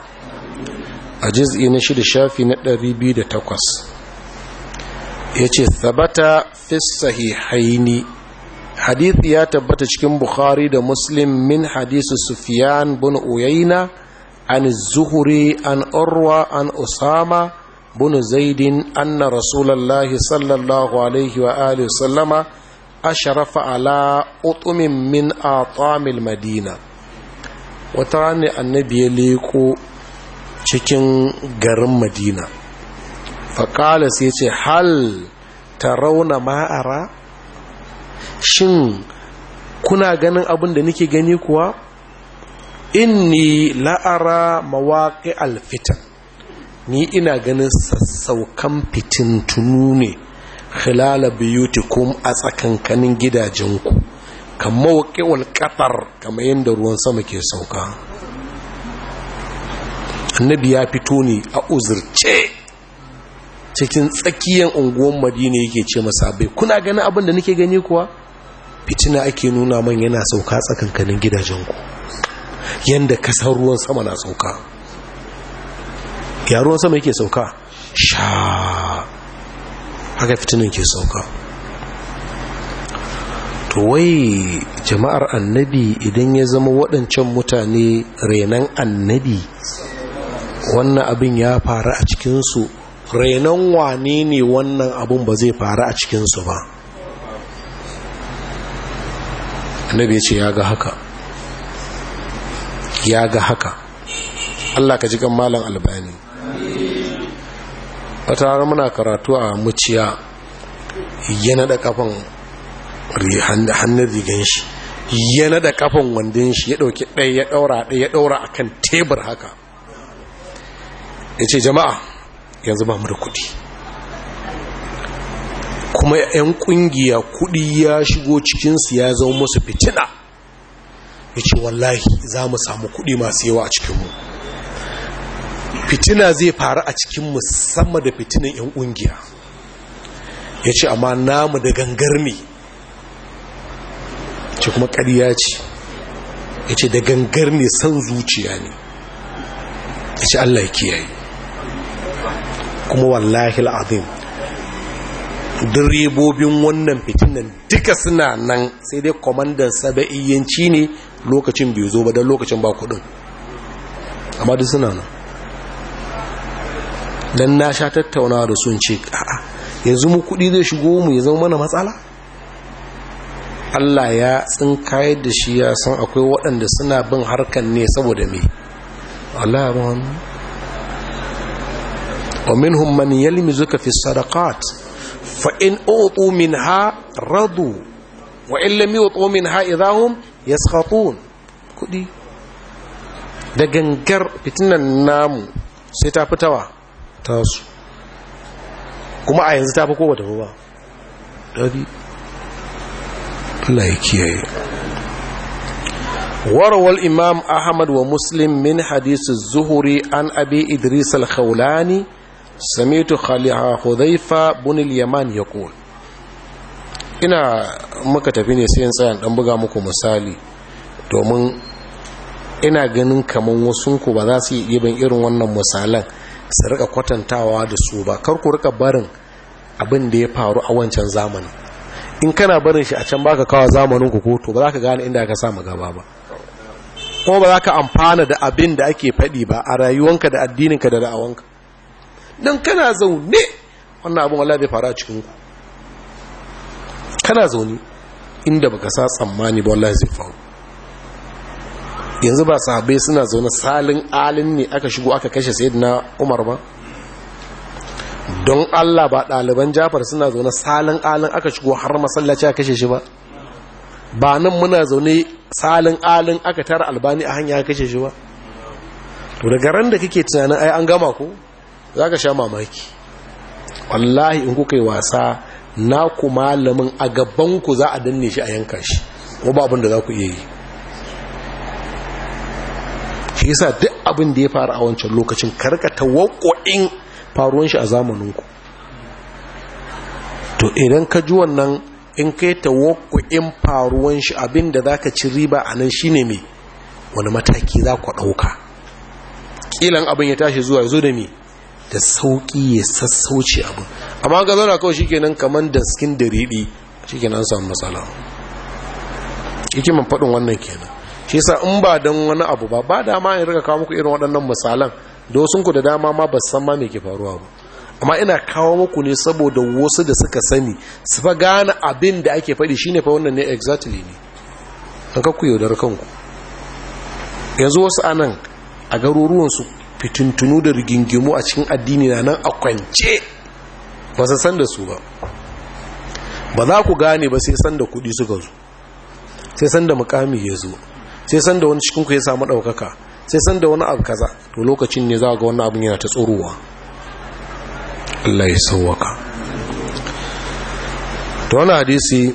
a juz'i na shida shafi na 208 yace thabata fi sahihaini Hadith ya tabbata cikin Bukhari da Muslim min hadisi Sufyan ibn Uyayna an Zuhri an Urwa an Usama بن زيد أن رسول الله صلى الله عليه وآله وسلم أشرف على أطم من أطعام المدينة وتراني النبي ليكو cikin garin madina faƙala sai ce hal ta rauna ma'ara shin kuna ganin abin da nake gani kuwa inni la'ara mawaƙi alfitan ni ina ganin sassaukan fitintunu ne khilala kum a tsakankanin gidajenku kamar waƙewar katar kamar yadda ruwan sama ke sauka annabi ya fito ne a uzurce cikin tsakiyar unguwan madina yake ce masa bai. kuna ganin abin da nake gani kuwa fitina ake nuna man yana sauka tsakankanin gidajenku yadda kasar ruwan sama na sauka ya ruwan sama yake sauka sha haka fitinin ke sauka to wai jama'ar annabi idan ya zama waɗancan mutane renan annabi wannan abin ya faru a cikinsu renan wane ne wannan abin ba zai faru a cikinsu ba annabi ya ce ya ga haka ya ga haka Allah ka ji kan malam albani wata har muna karatu a muciya ya naɗa kafan hannun rigan shi ya da kafan wandon shi ya ɗauki ɗaya ya ɗaura ɗaya ya daura a kan tebur haka Yace jama'a yanzu ba mu da kuɗi kuma 'yan ƙungiya kuɗi ya shigo cikinsu ya zama musu fitina Yace wallahi za mu samu kuɗi masu yawa a cikinmu fitina zai faru a cikin musamman da fitinan 'yan ƙungiya ya ce amma namu da gangar ne ce kuma ƙarya ce ya ce da gangar ne san zuciya ne ya ce allah ya kiyaye kuma wallahi al'adun direbobin wannan fitinan duka suna nan sai dai kwamandan saba'iyyanci ne lokacin bai zo ba don lokacin ba kudin amma duk suna nan don na sha tattauna da sun ce a'a yanzu mu kuɗi zai shigo mu ya zama mana matsala Allah ya tsinkayar da shi ya san akwai waɗanda suna bin harkan ne saboda me Allah ya ومنهم من يلمزك في الصدقات فإن أعطوا منها رضوا وإن لم يعطوا منها إذا هم يسخطون كدي da gangar fitinan namu sai ta fitawa tasu kuma a yanzu ta fi kowa tafi ba ɗari Allah ya kiyaye warawar imam ahmad wa muslim min hadisi zuhuri an abi idris al-khawlani samitu khaliha hudhaifa bin al-yaman yaqul ina muka tafi ne sai tsayan ɗan buga muku misali domin ina ganin kamar wasu ku ba za su yi ɗiban irin wannan misalan su rika kwatantawa da su ba kar ku rika barin abin da ya faru a wancan zamanin in kana barin shi a can baka kawo zamanin ku koto ba za ka gane inda ka samu gaba ba Ko ba za ka amfana da abin da ake faɗi ba a rayuwanka da addininka da ra'awanka. don kana zaune wannan abin wala bai faru a cikinku kana zaune inda baka sa tsammani ba wallahi zai faru yanzu ba sahabai suna zaune salin alin ne aka shigo aka kashe sayyidina umar ba don allah ba ɗaliban jafar suna zaune salin alin aka shigo har masallaci aka kashe shi ba ba nan muna zaune salin alin aka tara albani a hanya aka kashe shi ba to daga ran da kake tunanin ai an gama ko za ka sha mamaki wallahi in kuka yi wasa na ku malamin a gabanku za a danne shi a yanka shi ko ba abin da za ku iya yi shi yasa duk abin da ya faru a wancan lokacin karka in faruwan shi a zamaninku to idan ka ji wannan in kai in faruwan shi abin da zaka ci riba a nan shine me wani mataki za ku ɗauka kilan abin ya tashi zuwa ya zo da me da sauki ya sassauce abin amma ga zauna kawai shikenan kaman da skin da riɗi shikenan nan samu matsala hikiman faɗin wannan kenan shi sa in ba don wani abu ba ba dama in riga kawo muku irin waɗannan misalan da wasu da dama ma ba san ma mai ke faruwa ba amma ina kawo muku ne saboda wasu da suka sani su fa gane abin da ake faɗi shine fa wannan ne exactly ne an kakku yaudar kanku yanzu wasu anan a garuruwansu fitintunu da rigingimu a cikin addini na nan a kwance ba su san da su ba ba za ku gane ba sai san da kuɗi suka zo sai san da mukami ya zo sai san da wani cikin ku ya samu ɗaukaka sai san da wani abu kaza to lokacin ne za ga wani abin yana ta tsorowa Allah ya sauwaka to wani hadisi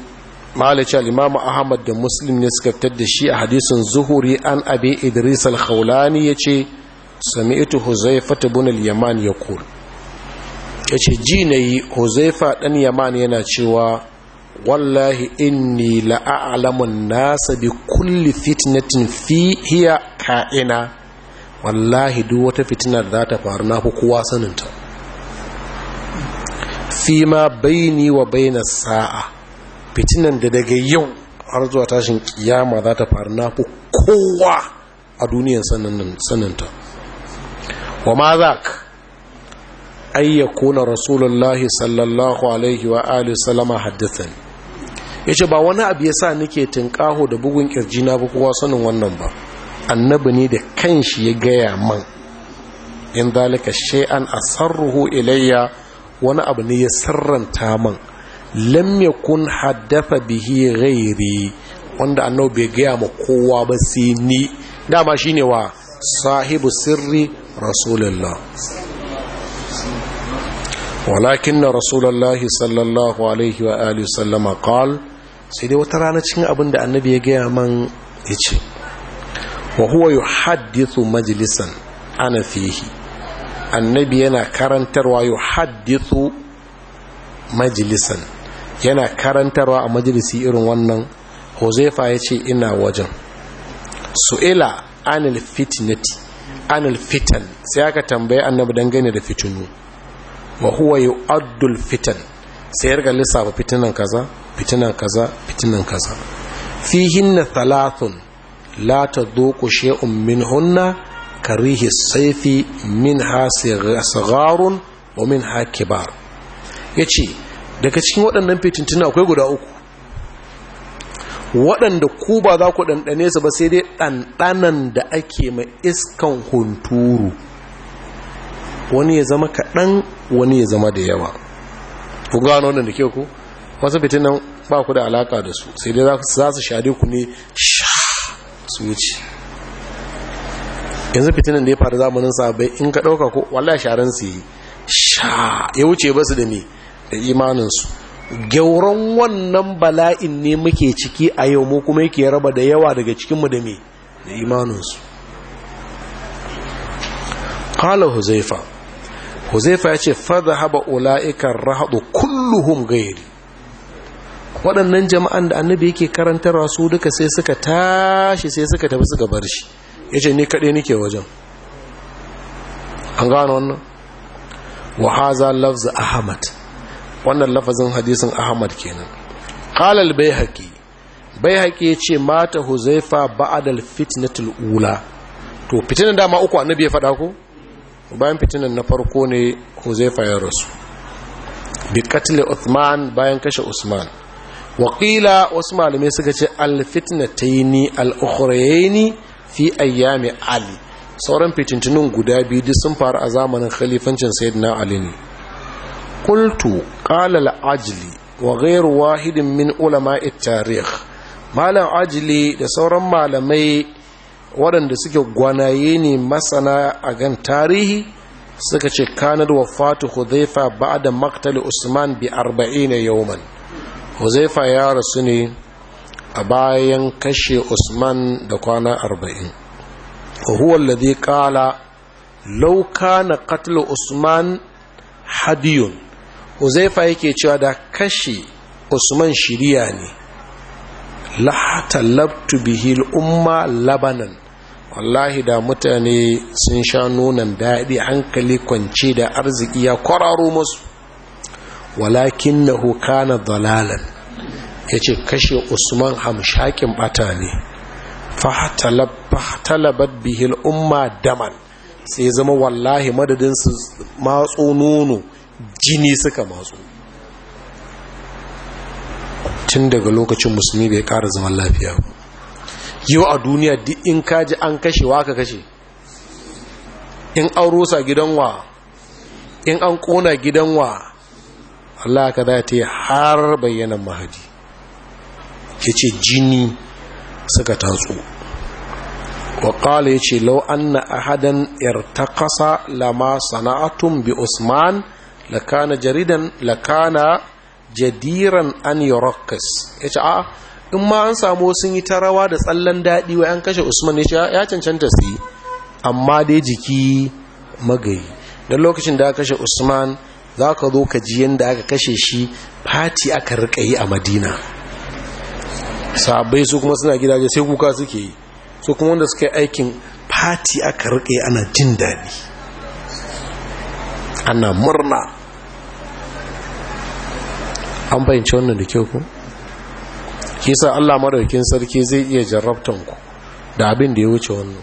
malaka al-imamu ahmad da muslim ne suka fitar da shi a hadisin zuhuri an abi idris al-khawlani yace sami'tu huzaifa ibn al-yaman yaqul yace ji nayi huzaifa dan yaman yana cewa wallahi inni la'alamun nasa bi kulli fitnatin fi hiya ka'ina wallahi duk wata fitina za ta faru na fi kowa saninta fi ma baini wa baina sa'a fitinan da daga yau har zuwa tashin kiyama za ta faru na fi kowa a duniyan saninta wa ma za ka ayyakuna rasulullahi sallallahu alaihi wa alihi sallama haddathan ya ce ba wani abu ya sa nake tunƙaho da bugun ƙirji na ba kowa sanin wannan ba annabi ne da kanshi ya gaya man in dalika shay'an asarruhu ilayya wani abu ne ya sirranta man lam yakun haddatha bihi ghairi wanda annabi bai gaya ma kowa ba sai ni dama shine wa sahibu sirri rasulullah walakin na rasulallahi sallallahu alaihi wa alihi sallama qal sai dai wata rana cikin abin da annabi ya gaya man ya ce wa huwa yuhaddithu majlisan ana fihi annabi yana karantarwa yuhaddithu majlisan yana karantarwa a majalisi irin wannan huzaifa yace ina wajen su'ila anil fitnati anil fitan sai aka tambaye annabi dangane da fitinu wa huwa al fitan sai ga lissafa fitinan kaza fitinan kaza fitinan kaza fihinna thalathun la tadhuqu shay'un minhunna karihi saifi minha sigharun wa minha kibar yace daga cikin waɗannan fitintuna akwai guda uku waɗanda ku ba za ku ɗanɗane su ba sai dai ɗanɗanan da ake mai iskan hunturu wani ya zama kaɗan wani ya zama da yawa ku gano wannan da ke ku wasu fitinan ba ku da alaka da su sai dai za su shaɗe ku ne su wuce yanzu fitinan da ya faru zamanin sabai in ka ɗauka ko wallah sharan su yi sha ya wuce ba su da ne da imaninsu gyauron wannan bala'in ne muke ciki a yau mu kuma yake raba da yawa daga cikinmu da me da imaninsu kala huzaifa huzaifa ya ce fada haba ula'ikan rahadu kulluhum gairi waɗannan jama'an da annabi yake karantarwa su duka sai suka tashi sai suka tafi suka bar shi ya ce ni kaɗai nike wajen an gano wannan wahaza lafzu ahmad wannan lafazin hadisin ahmad kenan Bai haƙi ya ce mata huzaifa ba'adal fitnatul ula to fitinan dama uku annabi ya faɗa ko bayan fitinan na farko ne huzaifa ya rasu bi katle uthman bayan kashe usman waƙila wasu malamai suka ce alfitnataini al-ukhrayaini fi ayyami ali sauran fitintunan guda biyu duk sun faru a zamanin khalifancin sayyidina ali ne qultu qala ajili ajli wa gayar wahidin min ulama at-tarikh malam ajli da sauran malamai waɗanda suke gwanaye ne masana a gan tarihi suka ce kanar wafatu huzaifa ba da maktali usman bi arba'ina yawman huzaifa ya rasu ne a bayan kashe usman da kwana arba'in da zai kala lauka na katalin usman hadiyun huzaifa yake cewa da kashe usman shiriya ne la talabtu bihi umma labanan wallahi da mutane sun sha nonon daɗi hankali kwance da arziki ya kwararo masu walakin na hukana dalalan ya ce kashe usman hamshakin bata ne talabar bihil umma daman sai zama wallahi madadin su matso nono jini suka matso tun daga lokacin musulmi bai ƙara zaman lafiya ba yau a duniya duk in kaji an kashe wa ka kashe in an rusa gidan wa in an kona gidan wa Allah ka za ta yi har bayyanan mahadi ya ce jini suka tatsu waƙala ya ce lau an na ahadan irtakasa lama sana'atun bi usman lakana jaridan lakana jadiran an yi ya ce a in ma an samu sun yi ta rawa da tsallan daɗi wa 'yan kashe usman ya ya cancanta su yi amma dai jiki magayi don lokacin da aka kashe usman za ka zo ka ji yadda aka kashe shi fati aka rika yi a madina sabai su kuma suna gidaje sai kuka suke yi su kuma wanda suka yi aikin fati aka rika yi ana jin daɗi ana murna an fahimci wannan da kyau kuma kisa Allah maraukin sarki zai iya jarrabtan ku da abin da ya wuce wannan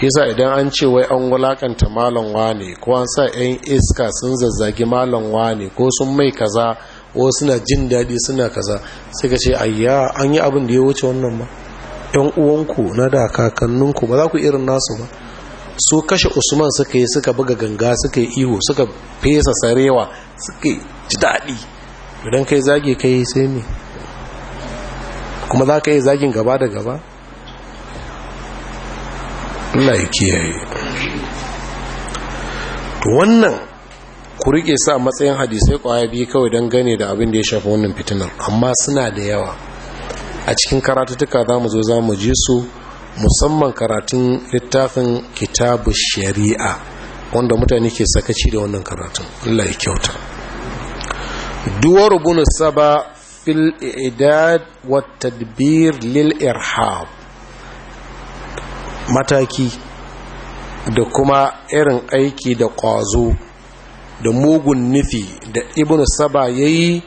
kisa idan an ce wai an wulakanta malam wane ko an sa yan iska sun zazzagi malam wane ko sun mai kaza ko suna jin daɗi suna kaza sai ka ce ayya an yi abin da ya wuce wannan ba yan uwanku na da kakanninku ba za ku irin nasu ba su kashe usman suka yi suka buga ganga suka yi ihu suka fesa sarewa suka ji daɗi idan kai zage kai sai ne kuma za ka iya zagin gaba da gaba Allah ya kiyaye wannan ku rike sa matsayin hadisai kwaya biyu kawai don gane da abin da ya shafi wannan fitinar amma suna da yawa a cikin karatutuka za mu zo za mu ji su musamman karatun littafin kitabu shari'a wanda mutane ke sakaci da wannan karatun Allah ya kyauta duwar bunu saba في الإعداد والتدبير للإرحاب irhab mataki da kuma irin aiki da ƙwazo da mugun nufi da ibn saba ya yi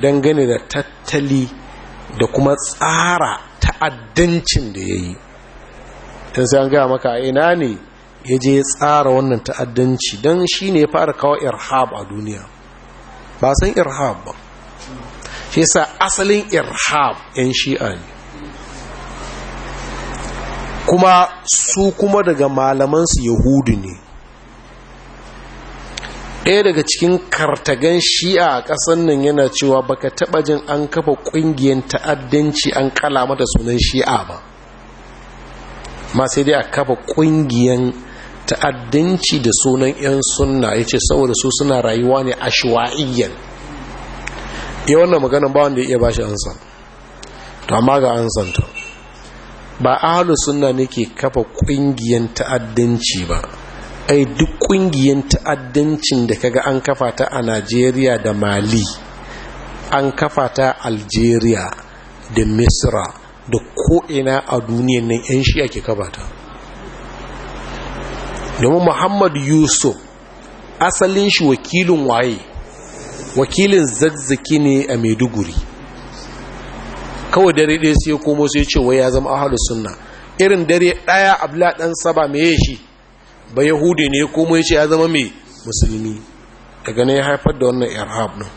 dangane da tattali da kuma tsara ta'addancin da ya yi tun sai an gaya maka ina ne ya je tsara wannan ta'addanci don shi ne fara kawo irhab a duniya ba san irhab ba shi asalin irhab yan shi'a ne kuma su kuma daga malamansu yahudu ne ɗaya daga cikin kartagan shi'a a ƙasar nan yana cewa baka taɓa jin an kafa ƙungiyar ta'addanci an kala mata sunan shi'a ba ma sai dai a kafa ƙungiyar ta'addanci da sunan 'yan sunna ya ce saboda su suna rayuwa ne a ashwa'iyyan yi wannan maganin ba wanda ya iya bashi ansa to amma ga ansanta ba ahalus sunna ne ke kafa kungiyar ta'addanci ba ai duk kungiyar ta'addancin da kaga an kafa ta a Najeriya da Mali an kafa ta Algeria da Misra da ko'ina a duniyan nan 'yan shi ake kafa ta domin Muhammad Yusuf asalin shi wakilin waye wakilin zazzaki ne a maiduguri kawai dare ɗaya sai komo sai ce wai ya zama ahalus sunna irin dare ɗaya abla ɗan saba me shi ba yahudi ne komo ya ce ya zama mai musulmi daga ne ya haifar da wannan irhab ɗin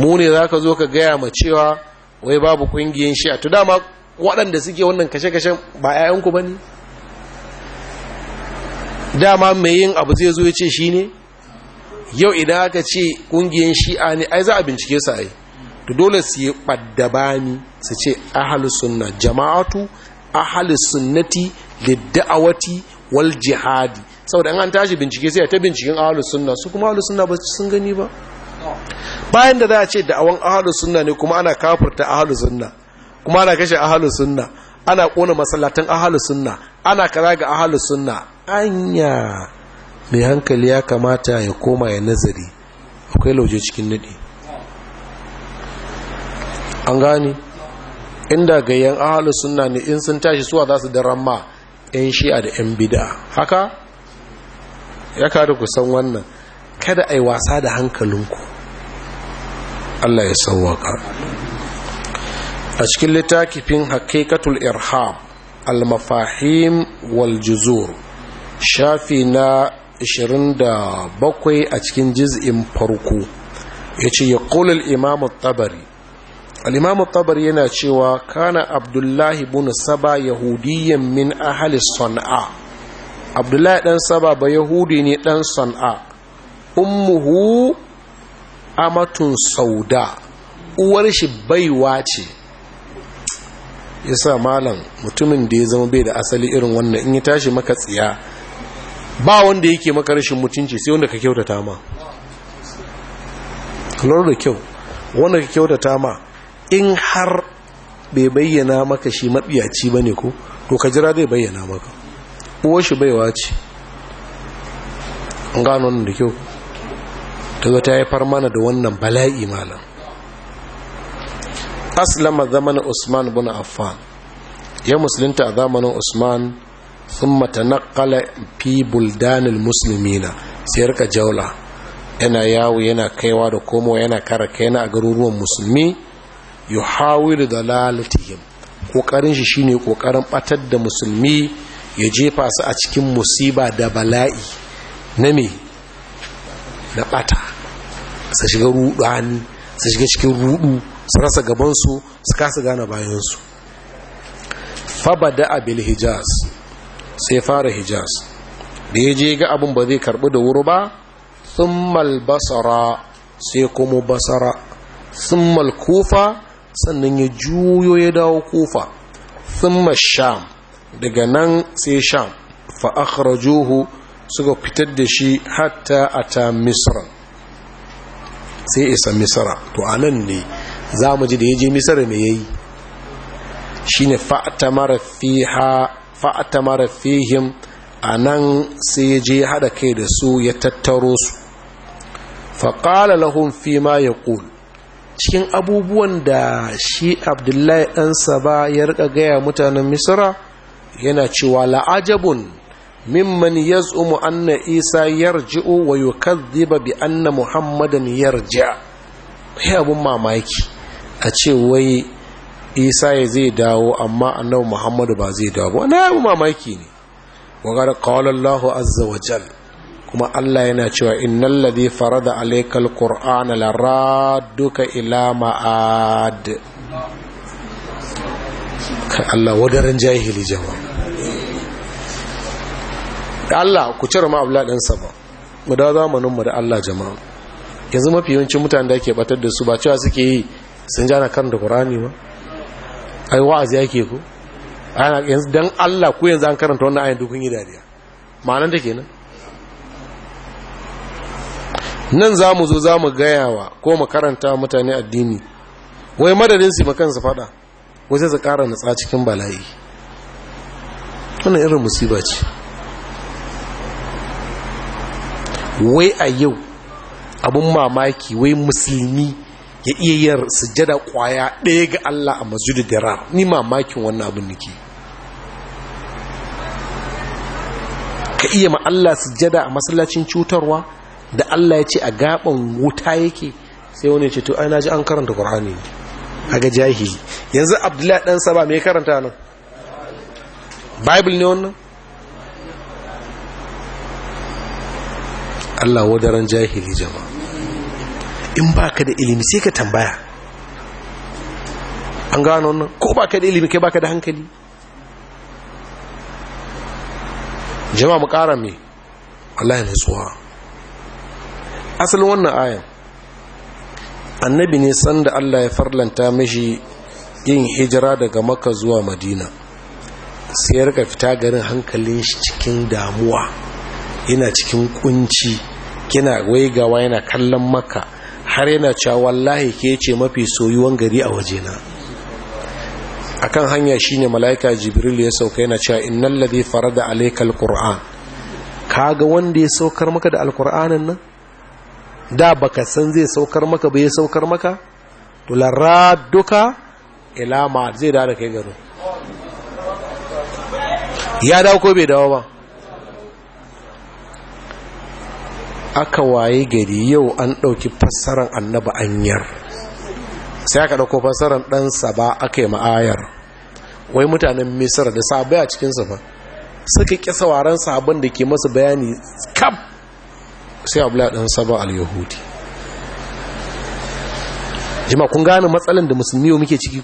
mu ne za ka zo ka gaya ma cewa wai babu ƙungiyin shi'a to dama waɗanda suke wannan kashe kashe ba 'ya'yanku ba ne dama mai yin abu zai zo ya ce shi ne yau idan aka ce ƙungiyar shi'a ne ai za a bincike su ai to dole su yi bani su ce ahalus sunna jama'atu ahalus sunnati lidda'awati wal jihadi saboda an tashi bincike sai ta binciken ahalus sunna su kuma ahalus sunna ba sun gani ba bayan da za a ce da'awan ahalus sunna ne kuma ana kafirta ahalus sunna kuma ana kashe ahalus sunna ana kona masallatan ahalus sunna ana kaza ga ahalus sunna anya mai hankali ya kamata ya koma ya nazari akwai lauje cikin nadi an gani inda gayyan ahalu suna ne in sun tashi suwa za su daren ma 'yan shi'a da 'yan bida haka ya kada ku san wannan kada a yi wasa da hankalinku allah ya sauwaka a cikin littafin hakikatul irhab al-mafahim wal juzur shafi na 27 a cikin juz'in farko ya ce ya imam at-tabari tabari yana cewa kana Abdullahi bin saba yahudiyyan min ahli sana'a Abdullahi dan saba ba yahudi ne dan san'a ummuhu amatun sauda uwar shi baiwa ce Ya sa malam mutumin da ya zama bai da asali irin wannan in ya tashi maka tsiya ba wanda yake maka rashin mutunci sai wanda ka kyautata ma lura da kyau wanda ka kyautata ma in har bai bayyana maka shi mabiyaci bane ko to ka jira zai bayyana maka uwar shi baiwa ce an gano da kyau daga ta haifar mana da wannan bala'i malam aslama zamanin usman bin affan ya musulunta a zamanin usman thumma tanaqqala fi buldanil muslimina sai rika jaula yana yawo yana kaiwa da komo yana kara kaina a garuruwan musulmi yuhawilu dalalatihim kokarin shi shine kokarin batar da musulmi ya jefa su a cikin musiba da bala'i na me na bata su shiga rudani su shiga cikin rudu su rasa gabansu su kasa gane bayansu fabada abil hijaz sai fara hijaz da ya je ga abin ba zai karbi da wuri ba tsummal basara sai kuma basara tsummal kufa sannan ya juyo ya dawo kufa tsummal sham daga nan sai sham fa juhu suka fitar da shi hatta ata misra sai isa misra to a nan ne za mu ji da ya je misra me yayi shine mara fiha fa'atamara fihim a nan sai ya je haɗa kai da su ya tattaro su faƙala lahun fi ma ya ƙul cikin abubuwan da shi abdullahi ɗansa ba ya riƙa gaya mutanen misra yana cewa la'ajabun mimman yaz'umu anna isa yarji'u wa yukadhiba bi anna muhammadan yarji'a ya abun mamaki a ce wai isa ya zai dawo amma annabi muhammadu ba zai dawo na ya mamaki ne wa kawalallahu azza wa jal kuma allah yana cewa innal ladhi farada alayka alqur'ana duka ila ma'ad kai allah wadarin jahili da allah ku cire ma abla dan sa ba mu da zamanin mu da allah jama'a yanzu mafi yawancin mutanen da ake batar da su ba cewa suke yi sun jana kan da qur'ani ba ai wa'azi yake ko ana yanzu dan Allah ko yanzu an karanta wannan ayatu kun yi dariya ma'anar da kenan nan za mu zo za mu gayawa ko mu karanta mutane addini wai madadin su makan su fada wai sai su ƙara natsa cikin bala'i wannan irin musiba ce wai a yau abun mamaki wai musulmi ya iya yin sujjada kwaya ɗaya ga Allah a masjidu dirar ni mamakin wannan abin nake ka iya ma Allah sujjada a masallacin cutarwa da Allah ya ce a gaban wuta yake sai wani ce to ai naji an karanta Qur'ani kaga jahili yanzu Abdullahi dan Saba me karanta nan Bible ne wannan Allah wadaran jahili jama'a in ba ka da ilimi sai ka tambaya an gano wannan ko ba ka da ilimi kai ba ka da hankali jama'a mu ƙara me Allah ya nutsuwa asalin wannan ayan annabi ne sanda Allah ya farlanta mishi yin hijira daga maka zuwa madina sai ya rika fita garin hankalin shi cikin damuwa yana cikin kunci kina waigawa yana kallon maka har yana cewa wallahi ke ce mafi soyuwan gari a waje na akan hanya shine malaika jibril ya sauka yana cewa innal ladhi farada alaykal qur'an kaga wanda ya saukar maka da alqur'anin nan da baka san zai saukar maka ba ya saukar maka to laraduka ila ma zai da kai garo ya dawo ko bai dawo ba aka waye gari yau an ɗauki fassarar annaba anyar sai aka ɗauko fassarar ɗansa ba aka yi ma'ayar wai mutanen misira da sabai a cikinsa ba suka ƙi sauraron sabon da ke masa bayani kam sai abula ɗansa ba al-yahudi jima kun gane matsalan da musulmi muke ciki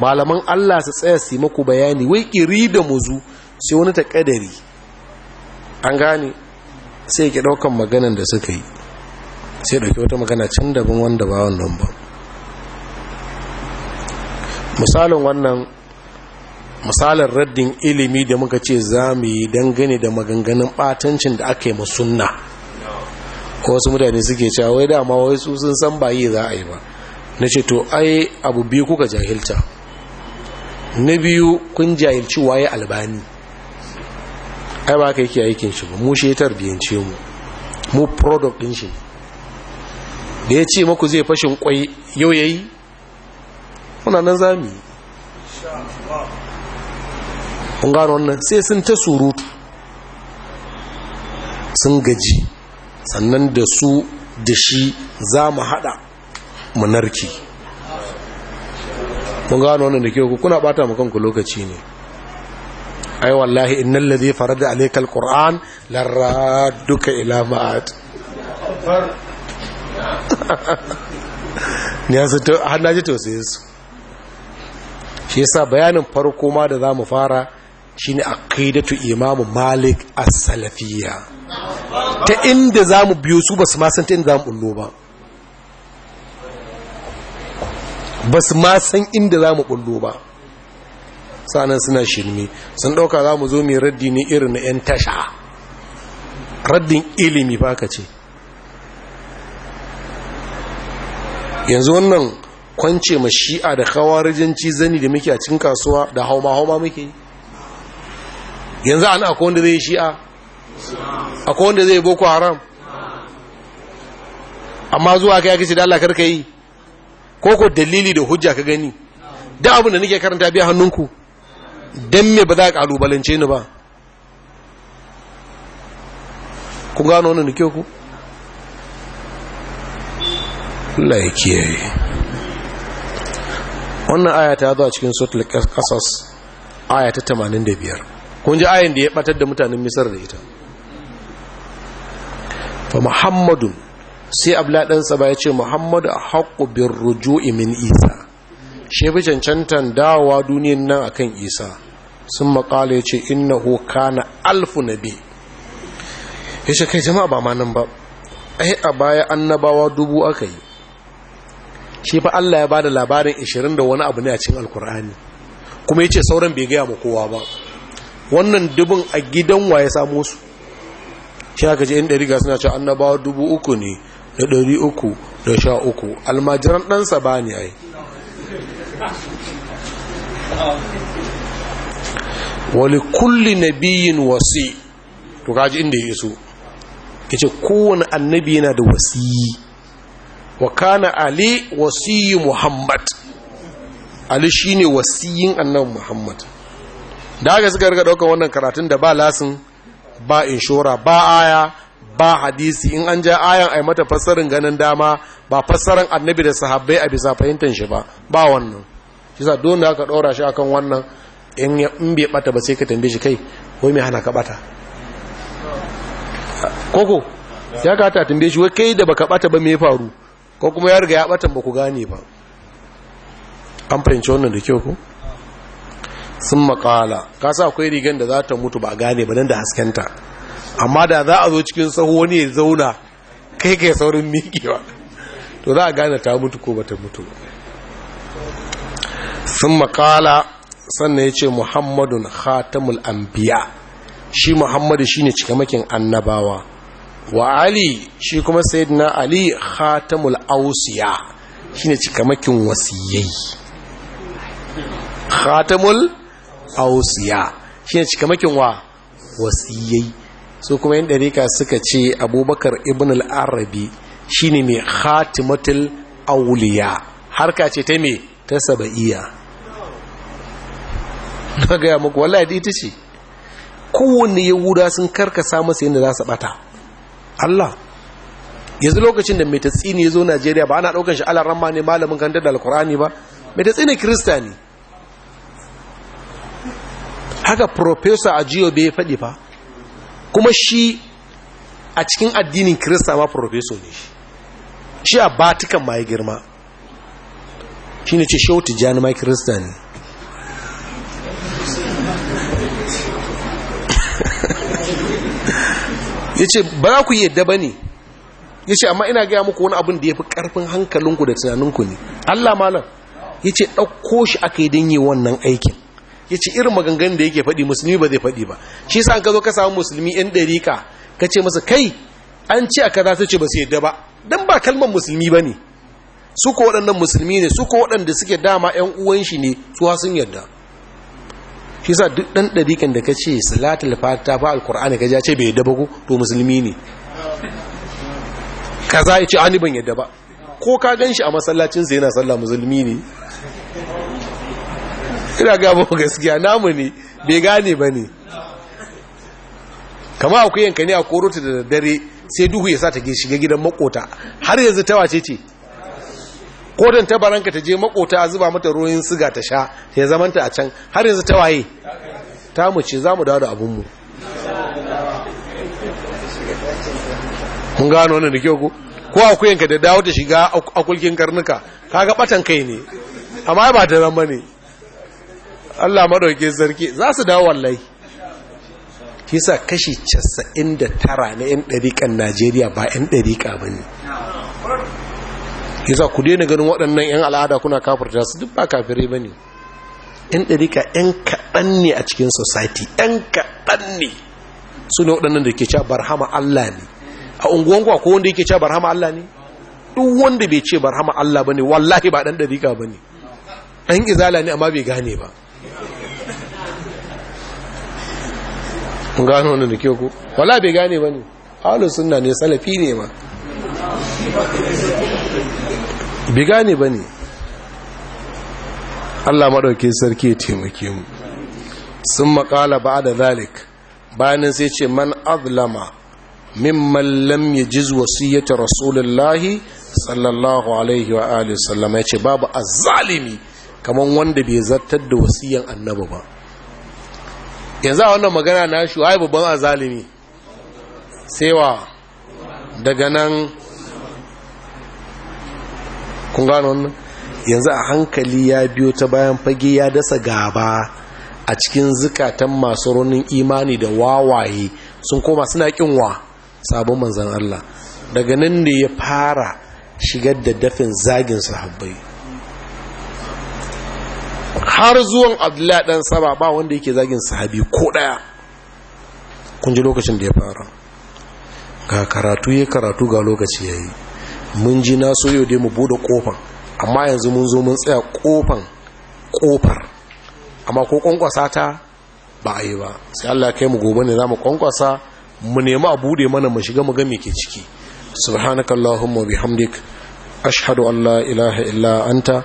malaman allah su tsaya su yi maku bayani wai ƙiri da muzu sai wani ta ƙadari an gane sai ki daukan maganan da suka yi sai dauki wata magana can bin wanda ba wannan ba misalin wannan misalin raddin ilimi da muka ce za mu yi dangane da maganganun batancin da aka yi musunna ko wasu mutane suke cewa wai dama wai su sun san ba yi za a yi ba na ce to ai abu biyu kuka jahilta na biyu kun jahilci waye albani ai ba ka yake aikin shi ba mu shi tarbiyance mu mu product din shi da ya ce maku zai fashin kwai yau yayi muna nan zami kun gano wannan sai sun ta surutu sun gaji sannan da su da shi za mu hada mu narki mun gano wannan da kyau kuna bata mu kanku lokaci ne ai wallahi innal ladhi farada alayka alquran laraduka ila ma'ad ne su to har su shi yasa bayanin farko ma da zamu fara shine kaidatu imamu malik Asalafiya. ta inda zamu biyo su basu ma san ta inda mu bullo ba basu ma san inda mu bullo ba sanan suna shirme sun ɗauka za mu zo mai raddi ne irin na 'yan tasha raddin ilimi ba ka ce yanzu wannan kwance ma shi'a da kawarijanci zani da muke a cikin kasuwa da hauma-hauma muke yi yanzu an akwai wanda zai shi'a akwai wanda zai boko haram amma zuwa kai yaki ce da Allah ka yi ko ko dalili da hujja ka gani da abin da nake karanta biya hannunku don me ba za a kalubalance ni ba ku gano wani da ku Allah ya kiyaye wannan ayata ta zo cikin sotil kasas aya ta 85 kun ji ayin da ya batar da mutanen misar da ita fa muhammadun sai abla dan ba ya ce muhammadu a haƙubin rujo'i min isa shi cancantan dawowa duniyan nan kan isa sun makala ya ce hoka na alfu bi ya ce kai jama'a ba ma nan ba ai a baya annabawa dubu aka yi shi fa Allah ya ba da labarin 20 da wani abu ne a cikin alkur'ani kuma ya ce sauran bai gaya ma kowa ba wannan dubin a gidan wa ya samo su shi aka ji in ɗari suna cewa annabawa dubu uku ne da ɗari uku da sha uku almajiran ɗansa ba ne ai wali kulli nabiyin wasi to kaji inda ya so ya ce kowane annabi yana da wasiyi wa kana ali wasiyi muhammad ali shi shine wasiyin annabi muhammad da aka suka rika ɗaukar wannan karatun da ba lasin ba inshora ba aya ba hadisi in an ja ayan ai mata fassarin ganin dama ba fassarin annabi da sahabbai a bisa fahimtar shi ba ba wannan shi sa don da aka ɗora shi akan wannan in ya in bata ba sai ka tambaye shi kai wai me hana ka bata koko ya ka ta tambaye shi wai kai da baka bata ba me faru ko kuma ya riga ya batan ba ku gane ba an fahimci wannan da kyau ko sun makala ka sa akwai rigan da za ta mutu ba gane ba nan da haskenta amma da za a zo cikin sahu wani ya zauna kai kai saurin miƙewa to za a gane ta mutu ko bata mutu sun makala sannan ya ce muhammadun khatamul anbiya shi muhammadu shi ne cikamakin annabawa wa ali shi kuma na ali khatamul ausiya shi ne cikamakin wasiyai khatamul ausiya shi ne cikamakin wa wasiyai su kuma yin ɗarika suka ce abubakar ibn al'arabi shi ne mai khatimatul auliya harka ce ta mai ta saba'iya na gaya muku wallahi da ita ce kowanne yahuda sun karkasa masa yadda za su bata Allah yanzu lokacin da mai tatsini ya zo Najeriya ba ana ɗaukar shi ramma ne malamin kan dada alkur'ani ba mai tatsini kirista ne haka a ajiyo bai faɗi fa kuma shi a cikin addinin kirista ma profeso ne shi shi a batikan ma ya girma shi ne ce shautu jani ma kirista ne *laughs* ya ce ba za ku yi yadda ba ne ya ce amma ina gaya muku wani abin da ya fi ƙarfin hankalinku da tunaninku ne allah malam ya ce ɗauko shi aka yi don yi wannan aikin ya ce irin maganganun da yake faɗi musulmi ba zai faɗi ba shi sa an ka zo ka samu musulmi yan dariƙa ka ce masa kai an ce a kaza ce ba su yadda ba don ba kalmar musulmi ba ne su ko waɗannan musulmi ne su ko waɗanda suke dama yan uwan shi ne su sun yadda shi sa duk dan dariƙan da ka ce salatul fata fa Alƙur'ani ka ja ce bai yadda ba ko to musulmi ne kaza yace ani ban yadda ba ko ka gan shi a masallacin yana sallah musulmi ne ina ga gaskiya namu ne bai gane ba ne kama akwai yanka ne a korota da daddare sai duhu ya sa ta shiga gidan makota har yanzu ta wace ce kodin ta baranka ta je makota a zuba mata ruwan siga ta sha ya zamanta a can har yanzu ta waye ta mu ce za mu dawo da abinmu kun gano wannan da kyau ko ko yanka da dawo ta shiga akulkin karnuka kaga batan kai ne amma ba da ran ne. Allah madauke sarki za su dawo wallahi kisa kashi 99 na 'yan ɗariƙan najeriya ba 'yan ɗariƙa ba ne kisa ku daina ganin waɗannan 'yan al'ada kuna kafirta su duk ba kafirai ba ne 'yan ɗariƙa 'yan kaɗan ne a cikin society 'yan kaɗan ne su ne waɗannan da ke cewa barhama allah ne a unguwanku ko wanda yake cewa barhama allah ne duk wanda bai ce barhama allah ba ne wallahi ba ɗan ɗariƙa ba ne ɗan izala ne amma bai gane ba mun gano wannan da ke ku wala bai gane ba ne ahalus suna ne salafi ne ma bai gane ba ne Allah maɗauki sarki ya taimake mu sun makala ba da zalik bayanin sai ce man azlama mimman lam yajiz wasiyyata rasulullahi sallallahu alaihi wa alihi sallama ce babu azalimi kamar wanda bai zartar da wasiyan annabi ba yanzu a wannan magana na shi shu'aib babban azalimi sewa daga nan kun gano yanzu a hankali ya biyo ta bayan fage ya dasa gaba a cikin zukatan masu raunin imani da wawaye sun koma suna kinwa sabon manzan Allah daga nan ne ya fara shigar da dafin zagin sahabbai har zuwan abdullahi dan saba ba wanda yake zagin sahabi ko daya kun ji lokacin da ya fara ga karatu ya karatu ga lokaci ya yi mun ji na soyo dai mu bude kofan amma yanzu mun zo mun tsaya kofan kofar amma ko kwankwasa ta ba a yi ba sai Allah kai mu gobe ne za mu kwankwasa mu nemi a bude mana mu shiga mu ga ke ciki subhanakallahumma bihamdik ashhadu an la ilaha illa anta